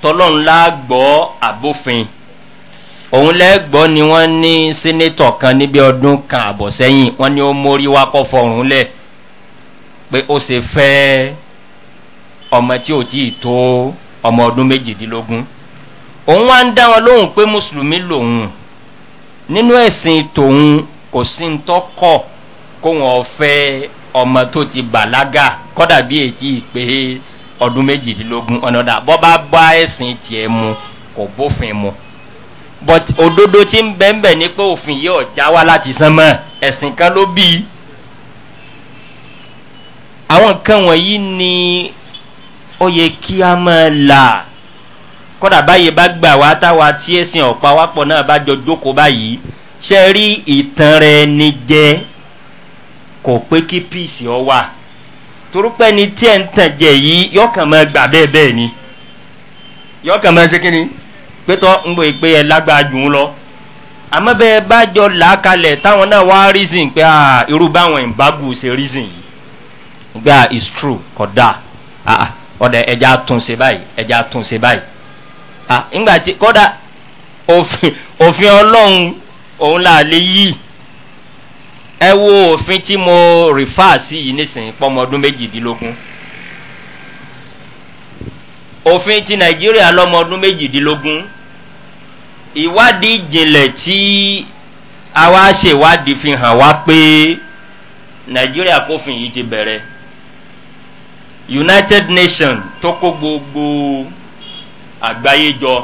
S1: tọ́lọ́ńlá gbọ́ àbófin òun lẹ́gbọ́ ni wọ́n ní sẹ́nẹ́tọ̀ kan níbi ọdún kan àbọ̀ sẹ́yìn wọ́n ní ó mórí wá kọ́ fọrùn lẹ̀ pé ó ṣe fẹ́ ọmọ tí ò tí ì tó ọmọ ọdún méjìdínlógún òun wá ń dá wọn lóhùn pé mùsùlùmí lòun nínú ẹ̀sìn tòun kò sí ń tọ́kọ̀ kó wọn fẹ́ ọmọ tó ti bàlágà kọ́dà bí èyí pé ọdún méjìdínlógún ọ̀nà bọ́ bá bá ẹ̀sìn tiẹ̀ mu kò bófin mu but òdodo tí ń bẹ́ ń bẹ̀ ni pé òfin yìí ọ̀já wá láti sánmọ́ ẹ̀sìn kan ló bí i àwọn nǹkan wọ̀nyí ni ó yẹ kí a máa là kódà báyìí bá gbà wá táwa tí ẹ̀sìn ọ̀pá wa pọ̀ náà bá jọ jókòó báyìí ṣe rí ìtàn rẹ ni jẹ kò pé kí píìsì ọ wà torúpẹ́ ni tí ẹ̀ ń tàn jẹ yìí yọkàn máa gbà bẹ́ẹ̀ bẹ́ẹ̀ ni yọkàn máa ṣe kí ni. pétọ́ ń gbé ẹ lágbára lọ àmọ́ táwọn náà wá reason pé ah, irú báwọn ìbágùn ṣe reason yìí gbé ah, is true kódà ọ̀dà ah, ẹja túnṣe báyìí ẹja túnṣe báyìí tí òfin ọlọ́run òun là lè yí ẹ wo òfin tí mo sí yìí nísìnyí ọdún méjìdínlógún òfin ìwádìí ìjìnlẹ̀ tí àwa ṣe ìwádìí fi hàn wá pé nàìjíríà kófin yìí ti bẹ̀rẹ̀ united nations tó kó gbogbo àgbáyé jọ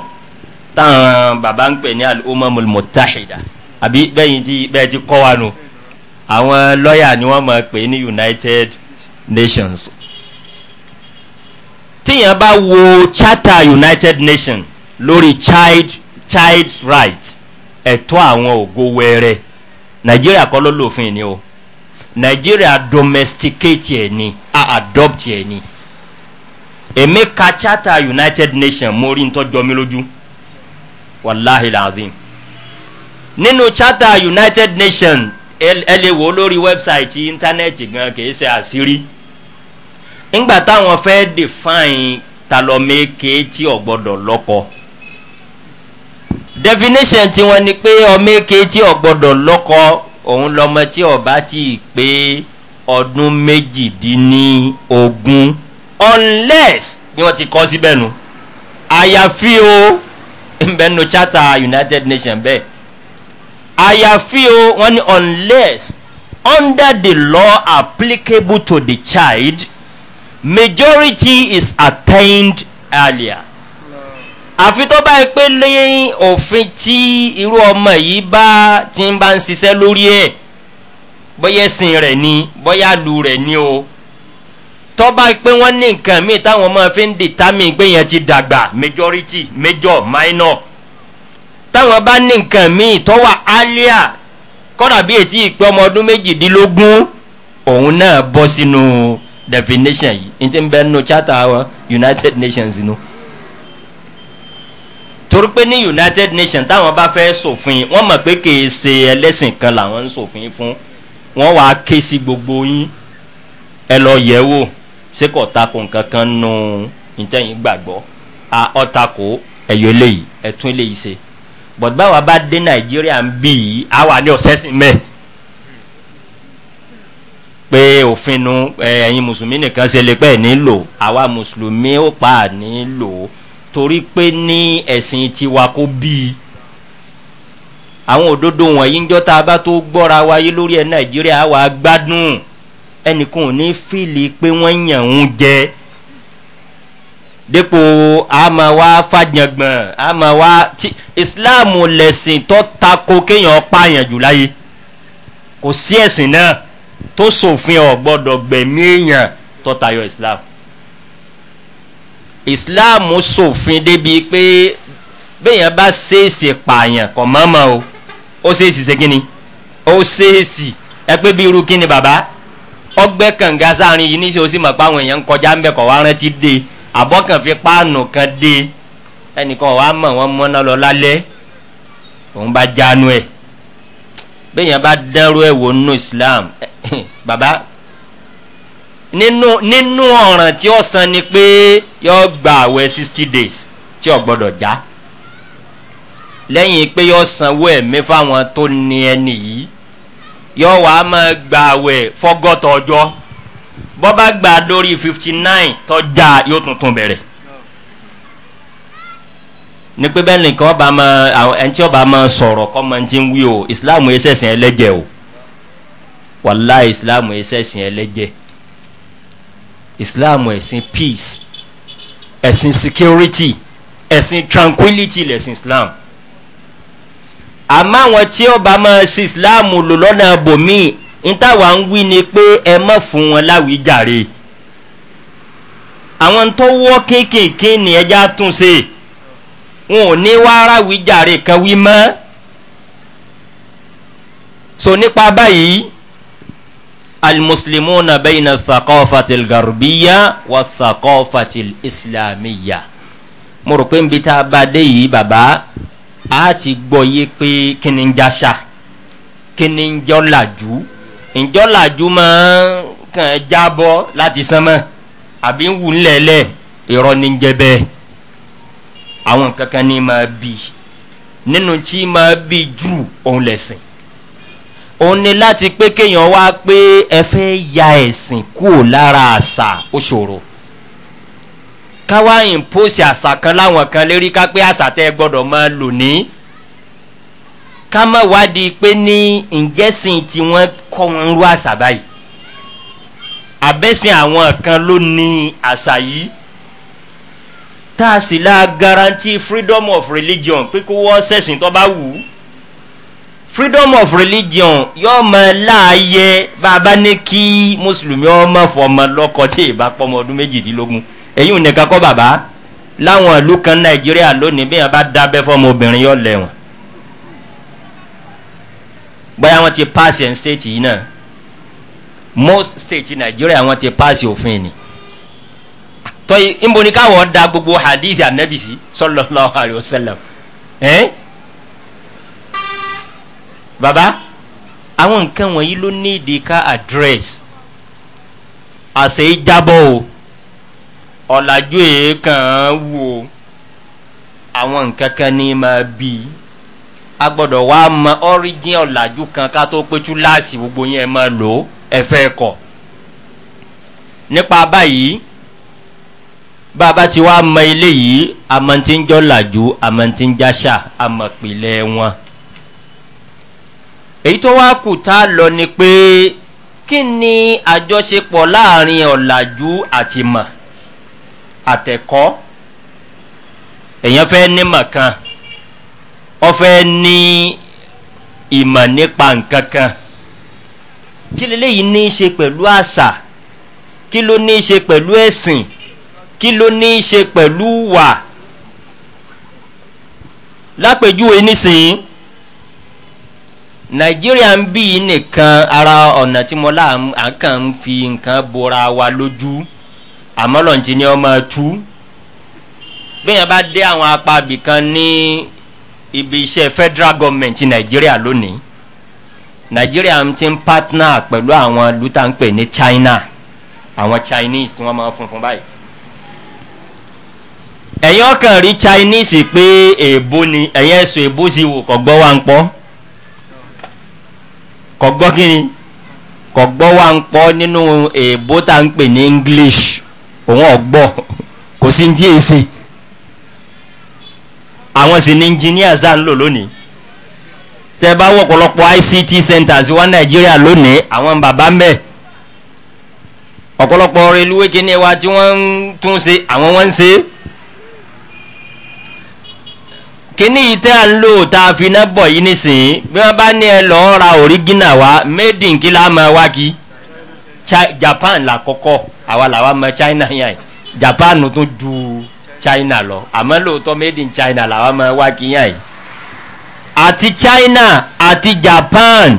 S1: táwọn baba ń pè ní al-umamul mutahida àbí bẹ́yìn tí bẹ́ẹ̀ ti kọ́ wa nù àwọn lọ́ọ̀yà ni wọ́n máa pè ní united nations tíyẹn bá wo charter united nations lórí child child's right ẹ̀tọ́ àwọn ògo wẹrẹ nàìjíríà kọ́ ló lòfin ni o nàìjíríà domesticate ẹ̀ ni a adopt ẹ̀ ni èmi ka charter united nations mo rí ntọ́jọ́ mi lójú wàláhi làbí nínú charter united nations ẹ lè wò lórí wẹ́bsáìtì íńtánẹ́ẹ̀tì gan kìí ṣe àṣírí ńgbà táwọn fẹ́ define talọ́mẹ́kẹ́ tí ọ̀gbọ́dọ̀ lọ́kọ̀ọ́ definition tí wọ́n ni pé ọmọ èké tí ò gbọ́dọ̀ lọ́kọ òun lọmọ tí ọba ti pé ọdún méjìdínlógún unless ni wọ́n ti kọ́ síbẹ̀ nu àyàfi o nbẹ́nu charter united nations bẹ́ẹ̀ àyàfi o wọ́n ni unless under the law applicable to the child majority is attained earlier àfi tó báyìí pé lẹ́yìn òfin tí irú ọmọ yìí bá ti ń bá ń ṣiṣẹ́ lórí ẹ̀ bóyá ẹ̀sìn rẹ̀ ni bóyá lu rẹ̀ ni o tó báyìí pé wọ́n ní nǹkan míì táwọn ọmọ fi ń dìtámì pé yẹn ti dàgbà majority major minor táwọn bá ní nǹkan míì tó wà alia kọ́dà bí ètí ìpè ọmọ ọdún méjìdínlógún òun náà bọ́ sínú definition yìí ní ti ń bẹ́ẹ̀ nínú charter United Nations nínú. No torí pé ní united nations táwọn bá fẹ́ sòfin wọ́n mọ̀ pé kì í ṣe ẹlẹ́sìn kan làwọn ń sòfin fún wọ́n wá ké sí gbogbo yín ẹ lọ yẹ wò ṣé kò takò nǹkan kan nù ìtẹ̀yìn gbàgbọ́ a ọ̀takò ẹ̀yọ́ eléyìí ẹ̀tún eléyìí ṣe bọ̀dé báwa bá dé nàìjíríà ń bì yìí á wà ní ọ̀sẹ̀ sí mẹ́ẹ̀ pé òfin nu ẹ̀yin mùsùlùmí nìkan ṣe lè pẹ́ nílò àwa mùsùlùmí ó pa nílò torí pé ní ẹ̀sìn tiwa kó bíi àwọn òdodo wọ̀nyí ń jọ́ tá a bá tó gbọ́ra wáyé lórí ẹ̀ nàìjíríà wà á gbádùn ẹnìkan ò ní fìlì pé wọ́n yàn ń jẹ dípò àmọ́ wa fàjàngbọ̀n àmọ́ wa tí islam lẹ̀sìn tó tako kéèyàn pààyàn jù láyé kò sí ẹ̀sìn náà tó sòfin ọ̀ gbọ́dọ̀ gbẹ̀mí èèyàn tó tayọ islam islam sòfin débi pé bẹ́ẹ̀yàn bá ṣèèṣì pààyàn kò mọ́mọ́ o ó ṣèèṣì ṣe kínni ó ṣèèṣì ẹ pé bí irú kínni bàbá ọgbẹ́ kànga sáárín yìí níṣẹ́ o sì mọ̀ pé àwọn èèyàn ń kọjá ń bẹ̀ kọ̀ wá rántí dé àbọ̀kàn fi páànù kan dé ẹnìkan wàá mọ̀ wọ́n mọ́ná lọ lálẹ́ òun bá jánu ẹ̀ bẹ́ẹ̀yàn bá dánrú ẹ̀ wò nínú islam (coughs) bàbá nínú nínú ọ̀ràn tí ó san ni pé yọ gba àwẹ̀ sixty days tí ò gbọ́dọ̀ já lẹ́yìn pé yọ sanwó ẹ̀mí fáwọn tó ní ẹni yìí yọ wàá máa gba àwẹ̀ fọ́gọ́tọ̀ ọjọ́ bọ́ bá gba lórí fifty nine tọ́jà yóò tuntun bẹ̀rẹ̀ ní pé bẹ́ẹ̀ nìkan ọba máa àwọn ẹni tí ọba máa sọ̀rọ̀ kọ́ máa ti ń wí o ìsìláàmù ẹsẹ̀ sìn ẹlẹ́jẹ̀ o wàláì ìsìláàmù ẹsẹ̀ sìn ẹlẹ́jẹ̀ islam ẹ̀sìn peace ẹ̀sìn security ẹ̀sìn tranquility lẹ̀sìn islam àmọ́ àwọn tí ó bá máa ṣe islam lò lọ́nà bòmíì ń táwa ń wí ni pé ẹ mọ̀ fún wọn láwìíjàre àwọn tó wọ́ kéékèèké ni ẹja tún ṣe wọn ò ní wá ráwìíjàre kan wí mọ́ so nípa báyìí almuslimuna bayna thakofati garbiya wa thakofati islamiya mo rò pé nbi tá a bá dé yìí bàbá a ti gbọ́ yé pé kíni ń jáṣà kíni ń jọ́ làjú ǹjọ́ máa ń kàn jábọ́ láti sánmọ́ àbí ń wù ń lẹ̀lẹ̀ ìrọ́ ni ń jẹ bẹ́ẹ̀ àwọn kankan ni máa bì nínú tí máa bì jù òun lẹ̀sìn òun ni láti pé kéèyàn wá pé ẹ fẹ́ ya ẹ̀sìn kúrò lára àṣà ó ṣòro káwá ìmpósì àṣà kan láwọn kan lérí ká pé àṣà tẹ́ gbọ́dọ̀ máa lò ní ká má wádìí pé ní ìjẹ́sìn tí kọ́ wọn rú àṣà báyìí àbẹ́sìn àwọn kan ló ní àṣà yìí tá a sì la garanti freedom of religion pé kó wọ́n ṣẹ̀sìn tó bá wù ú freedom of religion yóò mọ láàyè bàbá ní kí mùsùlùmí ọmọ fọmọ lọkọ tí ìbá pọmọ ọdún méjìdínlógún èyí ò ní kakọ bàbá láwọn ìlú kan nàìjíríà lónìí bí wọn bá dábẹ fọmọ obìnrin yóò lẹwọn bóyá wọn ti pass ẹ̀ state yìí náà most state nàìjíríà wọn ti pass òfin ni tọ́yì ńbọ ni káwọn da gbogbo hadith anabi sí sọlọ́lá àlùsálàm ẹ̀. Eh? baba àwọn nǹkan wọ̀nyí ló ní ìdí ká address àṣẹ ìjábọ̀ o ọ̀làjú èèkàn wò àwọn nǹkan kan ní máa bí a gbọ́dọ̀ wá mọ ọ́rígìn ọ̀làjú kan ká tó péjú láàsì gbogbo yẹn máa lò ó ẹ fẹ́ kọ̀ nípa báyìí bàbá tí wàá mọ eléyìí àmọ́ tí ń jọ́ làjú àmọ́ tí wọn èyí tó wá kù tá a lọ ni pé kí ni àjọṣepọ̀ láàrin ọ̀làjú àti mọ̀ àtẹ̀kọ́ èèyàn fẹ́ ní mọ̀ kan ọ fẹ́ ní ìmọ̀ nípa nǹkan kan kí leléyìí ní í ṣe pẹ̀lú àṣà kí ló ní í ṣe pẹ̀lú ẹ̀sìn kí ló ní í ṣe pẹ̀lú wà lápèjúwe nísìnyí nàìjíríà ń bí nìkan ara ọ̀nà tí mo là á kàn ń fi nǹkan bora wa lójú àmọ́ lọ́ntì ni ọmọ tú bẹ́ẹ̀ bá dé àwọn apá abìkan ní ibi iṣẹ́ federal government nàìjíríà lónìí nàìjíríà ti ń partner pẹ̀lú àwọn lùtàǹpẹ̀ ní china àwọn chinese wọ́n máa funfun báyìí ẹ̀yin ọkàn rí chinese pé èèbó ni ẹ̀yin ẹ̀sùn èèbó sì wò kọ́ gbọ́ wa ń pọ́ kọ̀gbọ́ kíni kọ̀gbọ́ wa ń pọ́ nínú èèbó tá ń pè ní english òun ọ̀gbọ́ kò sí ní èsè àwọn sì ní engineers dá ń lò lónìí tẹ bá wọ ọ̀pọ̀lọpọ̀ ict centers wá nàìjíríà lónìí àwọn bàbá mẹ́ẹ̀ ọ̀pọ̀lọpọ̀ reluwé kíní wa tí wọ́n ń tún ṣe àwọn wọ́n ń ṣe kíní ìtẹ́ à ń lò tá a fi iná bọ̀ yìí nísìnyí bí wọ́n bá ní ẹ lọ́ọ́ ra òrígínà wa made in kí la máa kí japan là kọ́kọ́ àwa làwa mọ china yẹn japan tún ju china lọ àmọ́ lóòótọ́ made in china làwa máa wá kí yẹn àti china àti japan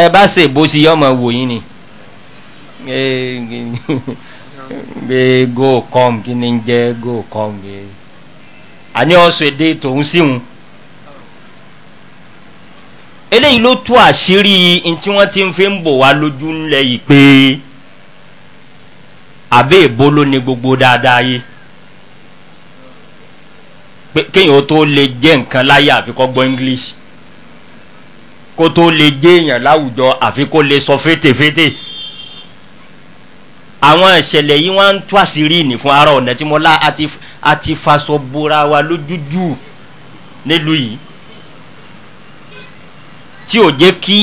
S1: ẹ bá ṣe bó ṣe yọ wò yín ni gbé go come kí ni ń go come. gbé àní ọ̀sọ̀ èdè tòun síhun eléyìí ló tú àṣírí ntí wọ́n ti ń fi ń bò wá lójú ńlẹ̀ yìí pé àbẹ́ èbó ló ní gbogbo dáadáa yìí kéèyàn tó lè jẹ́ nǹkan láyé àfi gbọ́ english kó tó lè jẹ́ èèyàn láwùjọ àfi kó lè sọ féteféte. Fete àwọn ìṣẹ̀lẹ̀ yìí wọ́n ń tú àṣírí ní fún ara ọ̀nà tí mo lá àti faṣọ bora wa lójújù nílùú yìí tí ò jẹ́ kí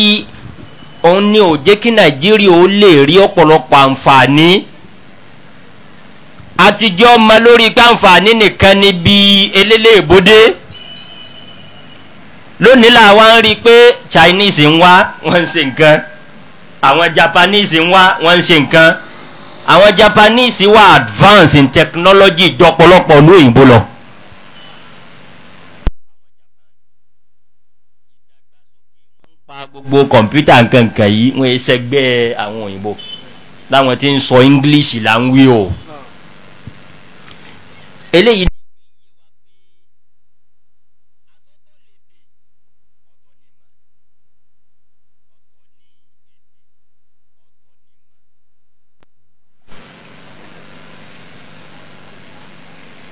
S1: òun ní ò jẹ́ kí nàìjíríà ó lè rí ọ̀pọ̀lọpọ̀ àǹfààní àtijọ́ ma lórí pé àǹfààní nìkan ni bí eléléè lónìí làwa ń rí pé chinese ń wá wọ́n ń ṣe nǹkan àwọn japanese ń wá wọ́n ń ṣe nǹkan àwọn japanese wà advance in technology jọpọlọpọ ní òyìnbó lọ. gbogbo kọ̀mpútà nkankan yìí wọ́n ṣẹgbẹ́ àwọn òyìnbó láwọn tí ń sọ english là ń wí o. eléyìí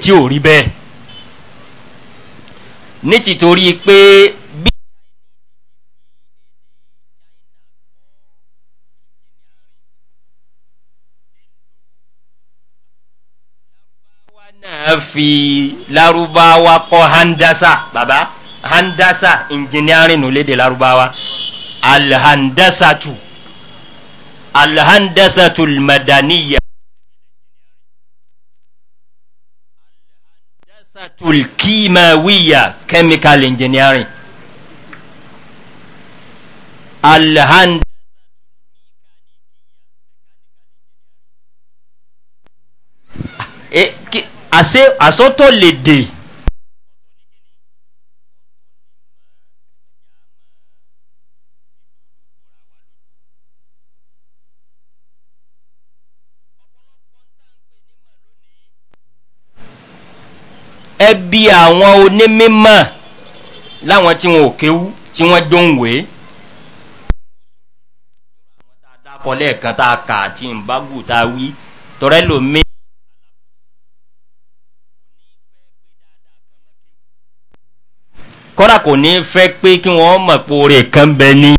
S1: tí ò rí bẹ́ẹ̀ ní tìtorí pé bí. fi Lárúbáwá kọ́ handasa baba handasa engineering ló lédè Lárúbáwá alhandasatu alhandasatu madaniya. al-hiya'atul chemical engineering al-hand àṣé àsọ́tọ̀ lè dè ẹ bí àwọn onímọ̀ láwọn tí wọn ò kéwú tí wọ́n jó ń wèé kọ́ lẹ́ẹ̀kan tá a kà àti ìbágù tá a wí tọrẹ lomi. kọ́dà kò ní fẹ́ pé kí wọ́n mọ̀ pé oore kan bẹ ní.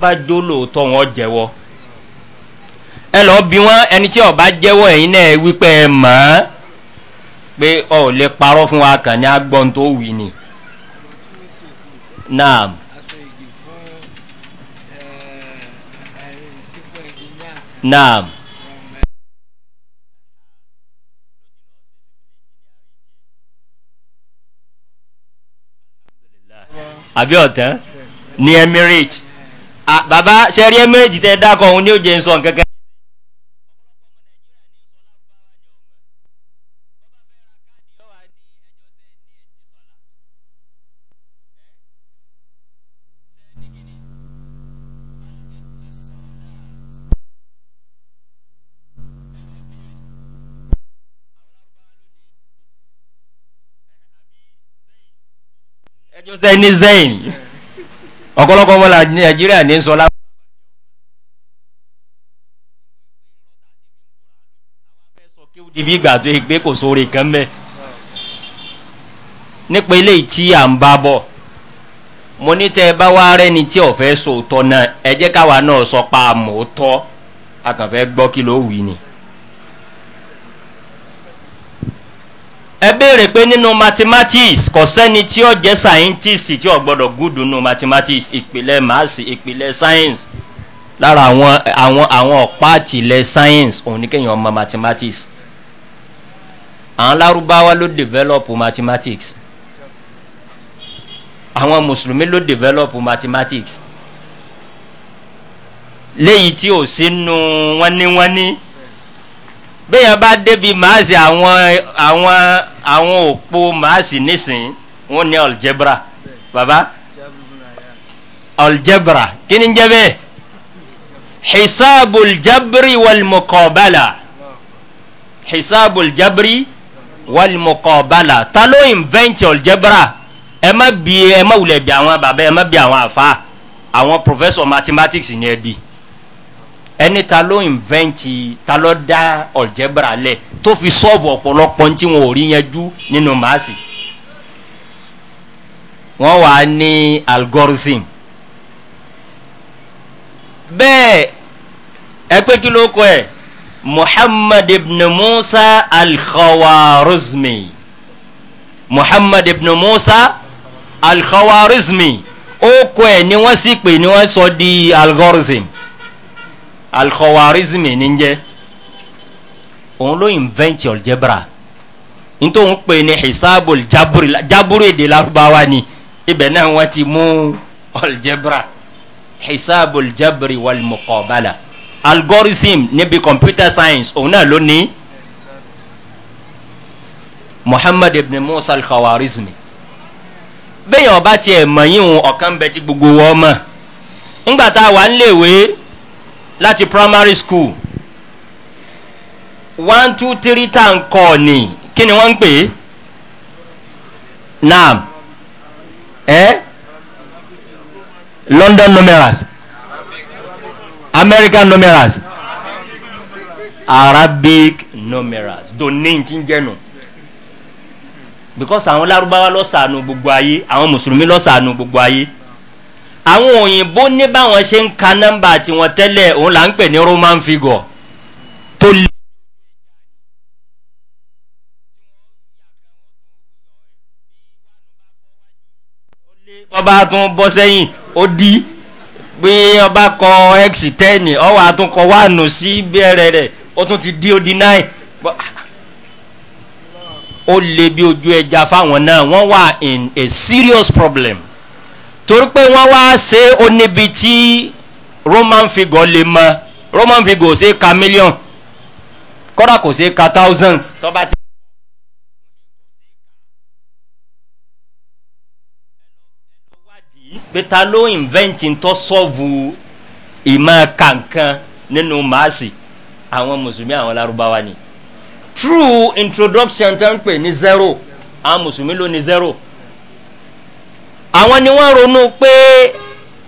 S1: bá jó lóòótọ́ wọn jẹ́wọ́ ẹ lọ bí wọn ẹni tí ọba jẹ́wọ́ ẹ̀yin náà wípé ẹ mọ̀ ọ́ pé ọ ò lè parọ́ fún wa kàn ní agbọ́n tó wì ní. naam. naam. àbí ọ̀tẹ́ ní emirate Baba, sẹ́rí ẹ méjì tẹ́ dákọ̀ òun ní òjè ń sọ nǹkan kan. ẹjọ́ zayn ọ̀pọ̀lọpọ̀ wọn nàìjíríà ní sọ láwọn. ibi ìgbà tó yẹ pé kò sóore kan bẹ́ẹ̀ nípa eléyìí tí à ń bá bọ̀ mo ní tẹ́ ẹ bá wá rẹ́ni tí ọ̀fẹ́ sòótọ́ náà ẹ jẹ́ káwa náà sọ pa àmọ́ tọ́ a kàn fẹ́ gbọ́ kí ló wí ni. ẹ béèrè pé nínú mathematics kò sẹ́ni tí ó jẹ́ scientist tí ó gbọ́dọ̀ gúdù nínú mathematics ìpìlẹ̀ maths ìpìlẹ̀ science lára àwọn àwọn àwọn ọ̀pá àtìlẹ̀ science òun ni kéèyàn mọ mathematics àwọn lárúbáwá ló develop mathematics àwọn mùsùlùmí ló develop mathematics léyìí tí ò sínú wọ́n ní wọ́n ní bẹ́yàn bá débi màásì àwọn àwọn àwọn òpó màásì nísìn wọn ní ọ̀ljẹ́bra baba ọ̀ljẹ́bra kí ni jẹ́ bẹ́ẹ̀ xisaabu jabri walmukobala xisaabu jabri walmukobala ta ló inventi ọ̀ljẹ́bra ẹ má bi ẹ má wulẹ̀ bi àwọn baba ẹ má bi àwọn afa àwọn professeur mathematics ni ẹ bi ẹni ta ló invẹ́ǹtì ta ló dá ọ̀jẹ̀bra lẹ̀ tó fi sọ́ọ̀bù ọ̀pọ̀lọpọ̀ tí wọn ò rí yanjú nínú màásì. wọ́n wà ní algorithm. bẹ́ẹ̀ ẹ pé kí ló kọ ẹ̀ muhammad ibn musa al-khawarizmi muhammad ibn musa al-khawarizmi ó kọ ẹ̀ ni wọ́n sì pè ni wọ́n sọ di algorithm alkọwarizmi ní jẹ́ òun ló invent algebra nítorí pé ní hisabu jaburi jaburi èdè larubawa ni ibẹ̀ náà wọ́n ti mú algebra hisabu jaburi walmukọbala algorithm níbi computer science òun náà ló ní muhammad ibn musa alkọwarizmi bẹ́ẹ̀ ọba tiẹ̀ mọ̀ yín ọ̀kan bẹ ti gbogbo wọ́n mọ̀ ńgbà tá a wà ń léwèé láti primary school one two three tá à ń kọ́ ni kí ni wọ́n ń pè é naam ẹ london numerals american numerals arabic numerals donin ti ń jẹnu because àwọn lárúbáwá lọ́sàánú gbogbo ayé àwọn mùsùlùmí lọ́sàánú gbogbo ayé àwọn òyìnbó ní báwọn ṣe ń ka nọ́mbà tiwọn tẹ́lẹ̀ òun là ń pè ní roman figure tó lé. ọba tún bọ́ sẹ́yìn ó di pé ọba kọ x ten ọwọ́ àtúnkọ wánu sí bẹ̀rẹ̀ rẹ̀ ó tún ti di ó di nine ó lé bí ojú ẹja fáwọn náà wọ́n wà in a serious problem torí pé wọ́n wá ṣe ó tí roman figure lè mọ roman figure ò ṣe ka million kọ́dà kò ṣe ka thousands tó bá ti. pé ta ló invent tó sọ́ọ̀bù ìmọ̀ kankan nínú màásì àwọn mùsùlùmí àwọn lárúbáwá ni true introduction tó ń pè ní zero àwọn mùsùlùmí ló ní zero àwọn ni wọ́n ronú pé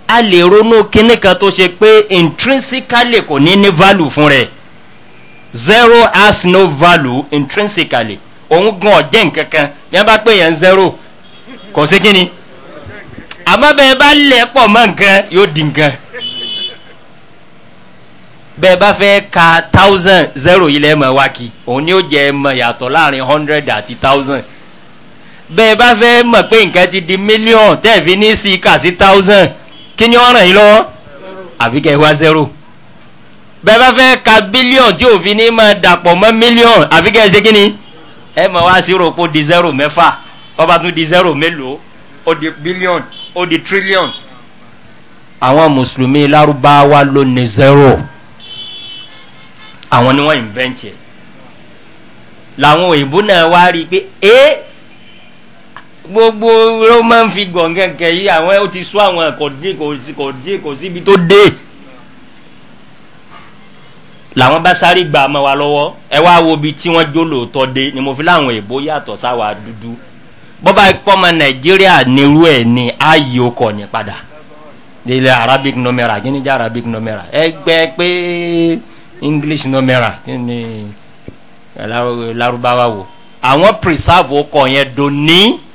S1: a lè ronú kinní kan tó ṣe pé intrinsically kò ní ní value fún rẹ̀ zero has no value intrinsically òun gan ọ̀jẹ̀ nǹkan kan bí wọ́n bá pè yẹn zero kò sí kíni àmọ́ bẹ́ẹ̀ bá lẹ̀ pọ̀ mọ́ nǹkan yóò di nǹkan bẹ́ẹ̀ bá fẹ́ ka thousand zero yìí lẹ́ẹ̀ mọ̀ wá kí òun ni ó jẹ́ mọ̀ yàtọ̀ láàrin hundred àti thousand bẹ́ẹ̀ bá fẹ́ mọ̀ pé nǹkan ti di mílíọ̀n tẹ́ẹ̀fì ní sí kà sí thousand kí ni ọ̀ràn yìí lọ́wọ́ àbí kẹ́ ẹ wá zero bẹ́ẹ̀ bá fẹ́ ka bílíọ̀n tí òfin ní máa dàpọ̀ mọ́ mílíọ̀n àbí kẹ́ ẹ ṣe kí ni ẹ mọ̀ wá sí ròpò di zero mẹ́fà ọba tún di zero mélòó ó di bílíọ̀n ó di tírílíọ̀n. àwọn mùsùlùmí lárúbáwá ló ní zero àwọn ni wọ́n invent yẹ làwọn òyìnbó náà wá rí i pé Eh? gbogbo ló máa ń fi gọ̀ǹgàn kẹ̀ yí àwọn ó ti sọ àwọn kò dé kò sí kò dé kò síbi tó dé làwọn bá sáré gbà mọ́ wa lọ́wọ́ ẹ wá wo bi tí wọ́n jó lóòótọ́ dé ni mo fi láwọn èèbó yàtọ̀ sáwà dúdú bọ́bá ìpọ́nmọ nàìjíríà nírú ẹ̀ ní ààyè ọkọ̀ ní padà ilẹ̀ arabic numera kí ni jẹ́ arabic numera ẹ gbẹ́ pé english numera kí ni lárúbáwá wo àwọn preserve ọkọ̀ yẹn do ní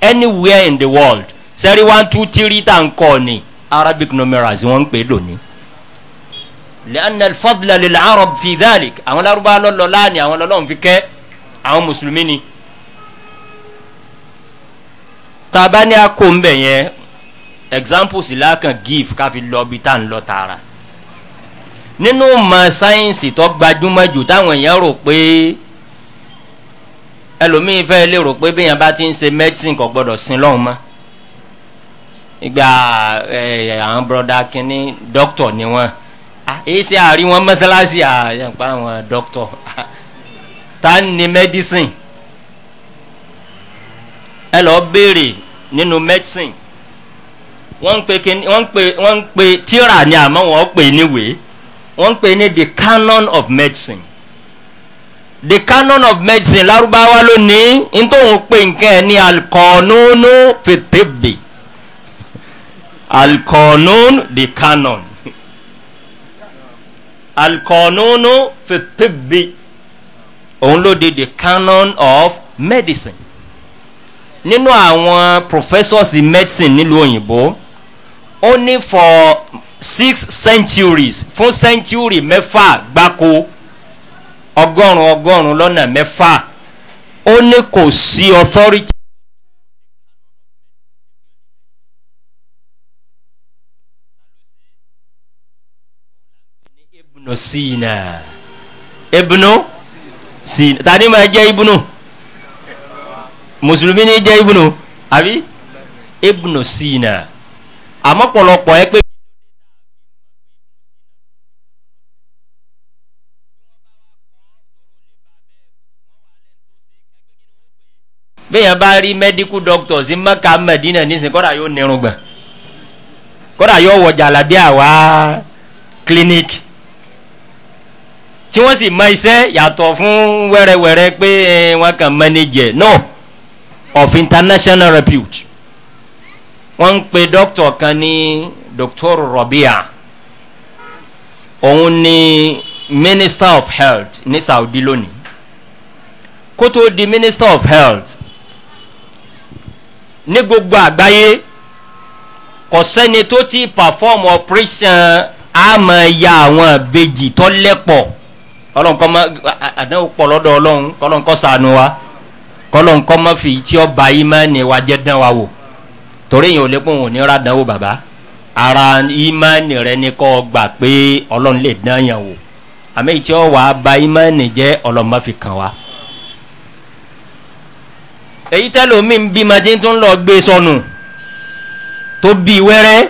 S1: anywhere in the world sẹ́rí one two three tá n kọ́ ni arabic numerals wọ́n ń pè lónìí lẹ́yìn alfadla lil arab fi dhalik àwọn larubawa lọ́lọ́ láàánì àwọn lọ́lọ́ fi kẹ́ àwọn mùsùlùmí ni taba ni a ko n bẹ yẹn examples la kan give káfi lọ bi tá n lọ tààrà nínú ma sáyẹ́nsì tó gbajúmọ̀ jù táwọn èèyàn rò pé ẹlòmíì fẹ́ lérò pé bí yẹn bá ti ń ṣe medicine kò gbọ́dọ̀ sin lọ́hùn mọ́ ìgbà ẹ àwọn broda kínní doctor ni wọn èyí ṣe àrí wọn mọ́sálásí àyànpá àwọn doctor ta ni medicine ẹ lọ béèrè nínú medicine wọ́n ń pe kínní wọ́n pe wọ́n pe tíra ni àmọ́ wọ́n pè níwèé wọ́n pe ní the canon of medicine the canon of medicine larubawa lónìí nítorí pé nǹkan ẹ̀ ní alkọ̀ọ́nùnù fìtẹ́bì alkọ̀ọ́nùnù the canon alkọ̀ọ́nùnù fìtẹ́bì òun ló di the canon of medicine nínú àwọn professors in medicine nílùú òyìnbó ó ní for six centuries fún century mẹ́fà gbáko ọgọ́rùn-ún ọgọ́rùn-ún lọ́nà mẹ́fà ó ní kò sí authority. ibnu sina ibnu sina tani ma jẹ ibnu musulumi ni jẹ ibnu abi ibnu sina àmọ́ pọ̀lọpọ̀ ẹ pé. bẹ́yàn bá rí medical doctors mẹ́ka mẹ́dínà nísìn kọ́dà yóò nírun gbọ̀n kọ́dà yóò wọ jàlábí àwa clinic tí wọ́n sì mọ iṣẹ́ yàtọ̀ fún wẹ́rẹ́wẹ́rẹ́ pé eh, wọ́n kàn manager no of international repute wọ́n ń pe doctor kan ní doctor Robia, òun ni minister of health ní Saudi lónìí kó di minister of health ní gbogbo àgbáyé kò sẹ́ni tó ti perform operation àmọ́ ya àwọn ìbejì tó lẹ́pọ̀ ọlọ́run kọ́ mọ́ àdánwò pọ̀ lọ́dọ̀ ọlọ́run kọ́lọ́run kọ́ sànù wa kọ́lọ́run kọ́ mọ́ fi tí ó ba yìí mọ́ ni wàá jẹ́ dán wa wò torí yìí ò lè pọ́n òní ra dánwò bàbá ara ìmánì rẹ ni kọ́ gbà pé ọlọ́run lè dán yàn wò àmì tí ó wàá ba ìmánì jẹ́ ọlọ́run má fi kàn wa èyí tẹ́lómi ń bí ma ti ń tún lọ gbé sọnù tó bí wẹ́rẹ́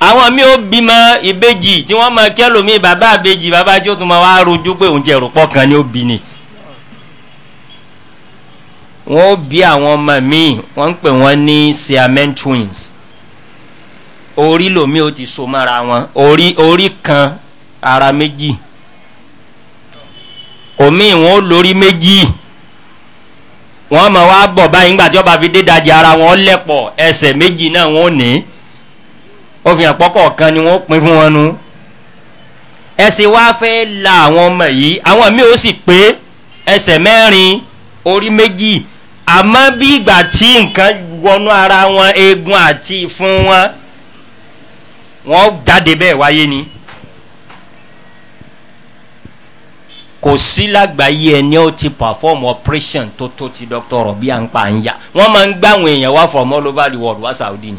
S1: àwọn mi ò bímọ ìbejì tí wọ́n máa kẹ́lómi bàbá àbejì bàbá tí ó tún máa wá rojú pé òun jẹ́ ròpọ̀ kan ni ó bí ni wọ́n ó bí àwọn ọmọ mi wọ́n ń pè wọ́n ní siamen twins orí lomi ó ti so mọ́ra wọn orí orí kan ara méjì omi wọn ó lórí méjì wọ́n mọ̀ wá bọ̀ báyìí ńgbà tí ọba fi dédajì ara wọn lẹ́pọ̀ ẹsẹ̀ méjì náà wọn ò ní òfin àpọ́kọ̀ kan ni wọ́n pin fún wọn nu ẹsẹ̀ wá fẹ́ la àwọn ọmọ yìí àwọn míì ó sì pé ẹsẹ̀ mẹ́rin orí méjì àmọ́ bí ìgbà tí nǹkan wọnú ara wọn eegun àti ìfun wọn wọ́n jáde bẹ́ẹ̀ wáyé ni kò sí lágbàáyé ẹni ó ti perform operation tó tó ti doctor rọ bí à ń pa ń yá wọn máa ń gbá àwọn èèyàn wá from all over the world wá saudi ni.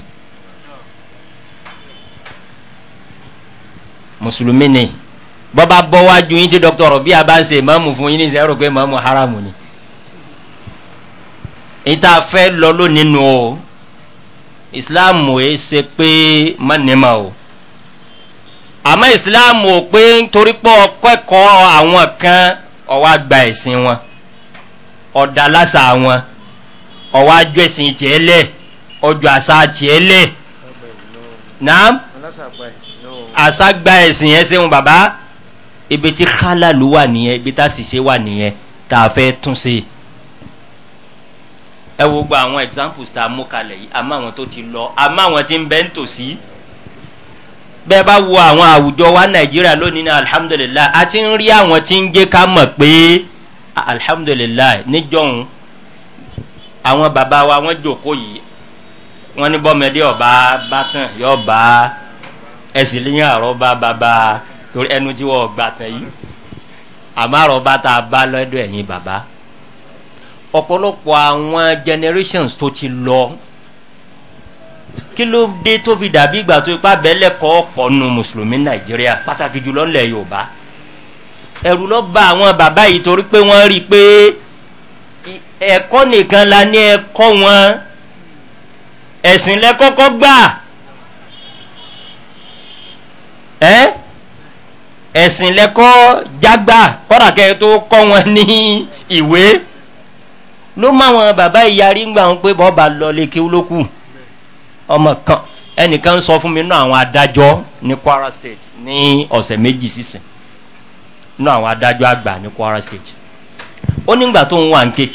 S1: mùsùlùmí ni bọ́ba bọ́ wájú yín tí doctor rọ bí a bá ń ṣe mọ́mù fún yín ní sẹ́yìn rò pé haramu ni. ìta fẹ́ lọ lónìí nù o islam ò ṣe pé má ma o àmọ́ ìsìláàmù ò pé nítorí pé ọkọ̀ àwọn kan ọwọ́ àgbà ẹ̀sìn wọn ọ̀dà lásà wọn ọwọ́ àjọ ẹ̀sìn tiẹ̀ lẹ̀ ọjọ́ àṣà tiẹ̀ lẹ̀ náà àṣà gba ẹ̀sìn yẹn ṣeun bàbá ibi tí kálá ló wà nìyẹn ibi tá ṣìṣe wà nìyẹn tá a fẹ́ tún ṣe ẹ wo gba àwọn examples tá a mú kalẹ̀ yìí àmọ́ àwọn tó ti lọ àmọ́ àwọn tí ń bẹ́ ń tòsí. Si bẹ́ẹ̀ bá wo àwọn àwùjọ wa nàìjíríà lónìí náà alihamudulilayi a ti ń rí àwọn tí ń jẹ́ ká mọ̀ pé alihamudulilayi níjọ́hun àwọn bàbá wa wọ́n jókòó yìí wọ́n ní bọ́mọdé ọba bátàn yóò bá ẹ̀sìn lẹ́yìn àrọ́bá bàbá torí ẹnu tí wọ́n gbà tán yìí àmọ́ àrọ́bá tá a bá lọ́dọ̀ ẹ̀yìn bàbá ọ̀pọ̀lọpọ̀ àwọn generations tó ti lọ kí ló dé tó fi dàbí ìgbà tó ipá bẹ́lẹ̀ kọ́ pọ̀ nu mùsùlùmí nàìjíríà pàtàkì jùlọ ńlẹ̀ yorùbá ẹ̀rù lọ bá àwọn bàbá yìí torí pé wọ́n rí i pé ẹ̀kọ́ nìkan la ní ẹ̀kọ́ wọn ẹ̀sìn lẹ́kọ́kọ́ gbà ẹ́ ẹ̀sìn lẹ́kọ́ jágbà kọ́dà kẹ́ tó kọ́ wọn ní ìwé ló máa wọn bàbá ìyarí ń gbà wọn pé bọ́ọ̀ bá lọ lè kí ó ọmọ kan ẹnìkan sọ fún mi nínú àwọn adájọ́ ní kwara state ní ọ̀sẹ̀ méjì sísìn nínú àwọn adájọ́ àgbà ní kwara state ó nígbà tó ń wà ní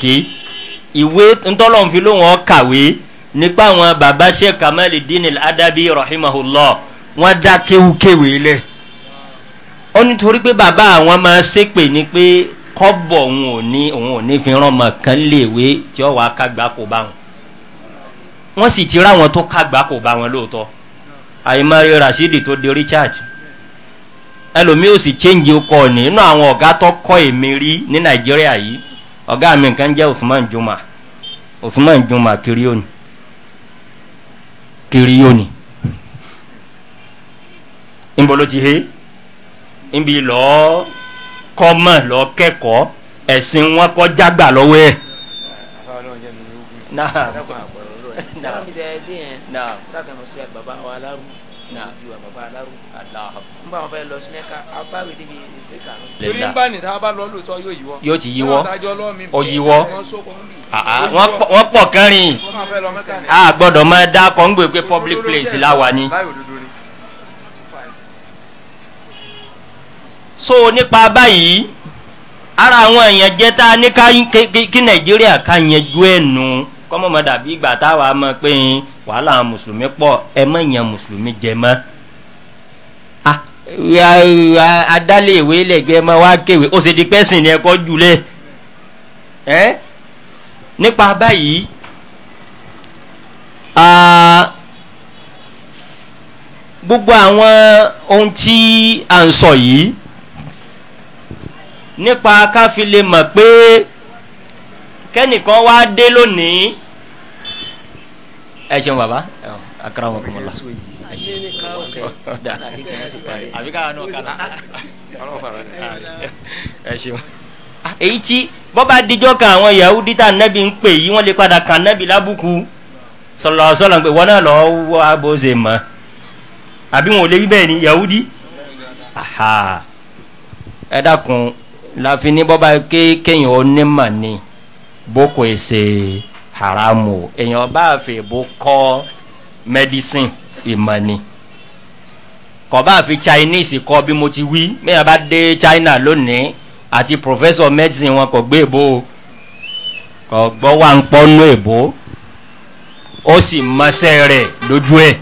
S1: ìwé ntọ́lọ́nfin ló wọn kàwé nípa àwọn baba sheikh kamali dini adabi rahimahullah wọn dá kéwukéwé lẹ ó nítorí pé bàbá àwọn máa ṣépè ni pé kọ́bọ̀ òun ò ní òun ò ní fi rán ọmọ kan léèwé tí ó wàá kágbá kó bá wọn wọ́n sì ti ráwọn tó kágbá kò bá wọn lóòótọ́ àyèmáyé rashidi tó di richard ẹlòmíì ò sì change ọkọ ní inú àwọn ọ̀gá tó kọ́ èmi rí ní nàìjíríà yìí ọ̀gá mi nǹkan jẹ́ usman juma usman juma kiriyoni kiriyoni níbo ló ti he níbi lọ́ọ́ kọ́mọ̀ lọ́ọ́ kẹ́kọ̀ọ́ ẹ̀sìn wọn kọjá gbà lọ́wọ́ ẹ̀ náà sábà mi tẹ dé yẹn ká kàn sí baba wa alaru ju baba alaru n bá wọn fẹ lọ sí mẹka a bá wí níbi ìgbé kan. torí n bá ní sábà lọ lóòótọ́ yóò yíwọ́ yóò ti yíwọ́ o yíwọ́ ah, ah, wọ́n pọ̀ kẹrin a gbọ́dọ̀ máa dá kọ́ńgbè pé public place la wà ní. so nípa báyìí ara àwọn èèyàn jẹ́ tá a ní kí nàìjíríà ká yanjú ẹ̀ nù. No kọ́mọ̀mọ́ dàbí ìgbà táwa mọ̀ pé wàhálà mùsùlùmí pọ̀ ẹ mọ̀ yàn mùsùlùmí jẹ mọ́ ah, adálé ìwé lẹ́gbẹ́ mọ́ wá kéwé ó sì di pẹ́sìn ni ẹ̀kọ́ jùlẹ̀ ẹ́ nípa báyìí gbogbo àwọn ohun tí à ń sọ yìí nípa káfílẹ̀ mọ̀ pé kẹ́nìkan wá dé lónìí ẹ ṣeun baba, akara wọn kọmọlá ẹ ṣeun àbí káwọn náà kàlà ẹ ṣeun ah, èyí tí bọ́ba díjọ́ kan àwọn yahudi tá nẹ́bi ń pè yí wọ́n lè padà kàn nẹ́bi lábùkù sọlọ sọlọ pé wọn náà lọ wá bó ṣe àbí wọn ò lè rí bẹ́ẹ̀ ni yahudi ẹ dákun láfi ní bọ́ba kéèyàn onímọ̀ ni boko ese haramu èèyàn bá fi bó kọ́ medicine ìmọ̀ ni kọ́ bá fi chinese kọ́ bí mo ti wí mẹ́yà bá dé china lónìí àti professor medicine wọn kò gbé èbó kò gbọ́ wà ń pọ́nú èbó ó sì mọṣẹ́ rẹ̀ lójú ẹ̀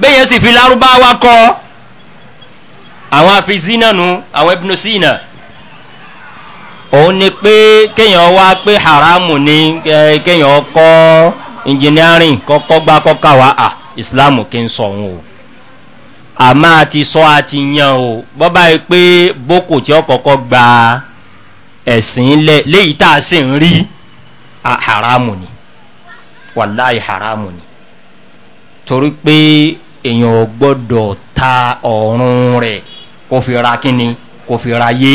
S1: bẹ́ẹ̀ yẹn sì fi lárúbáwá kọ́ àwọn afizínà nu àwọn ibùdó sínà òun ni pé kéèyàn wá pé haramu ni kéèyàn kọ́ engineering kọ́kọ́ gbá kọ́ka wa à islam kí n sọ òun o àmọ́ àti sọ àti yan o bọ́bá yìí pé boko tí ó kọ́kọ́ gba ẹ̀sìn lẹ̀ léyìí tá a sì ń rí haramu ni wàláì haramu ni torí pé èèyàn gbọ́dọ̀ ta ọ̀run rẹ̀ kó fi ra kíni kó fi ra yé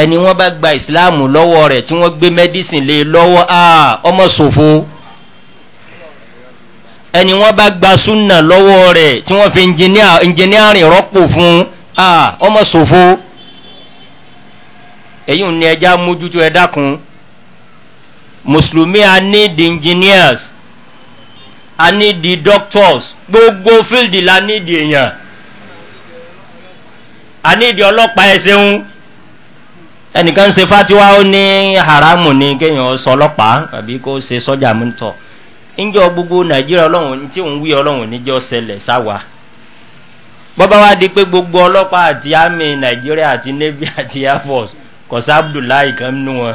S1: ẹni wọn bá gba ìsìláàmù lọ́wọ́ rẹ̀ tí wọ́n gbé mẹ́dísìn lé e lọ́wọ́ ọmọ ṣòfò ẹni wọn bá gba súnà lọ́wọ́ rẹ̀ tí wọ́n fi ẹnjìníàrìn rọ́pò fún ọmọ ṣòfò èyí ò ní ẹja mójútó ẹ dákun mùsùlùmí a need engineers a need doctors gbogbo fíldì la need èèyàn a need ọlọ́pàá ẹ ṣeun. ẹnìkan se fatiwa ó ní haramu ni kéèyàn sọ ọlọ́pàá àbí kó se sọ́jà mi tọ̀ ńjọ gbogbo nàìjíríà ọlọ́run tí òun wí ọlọ́run níjọ́ ṣẹlẹ̀ sáwa bọ́bá wa di pé gbogbo ọlọ́pàá àti army nàìjíríà àti navy (laughs) àti air force kọ̀sá abdullahi kan nù wọn.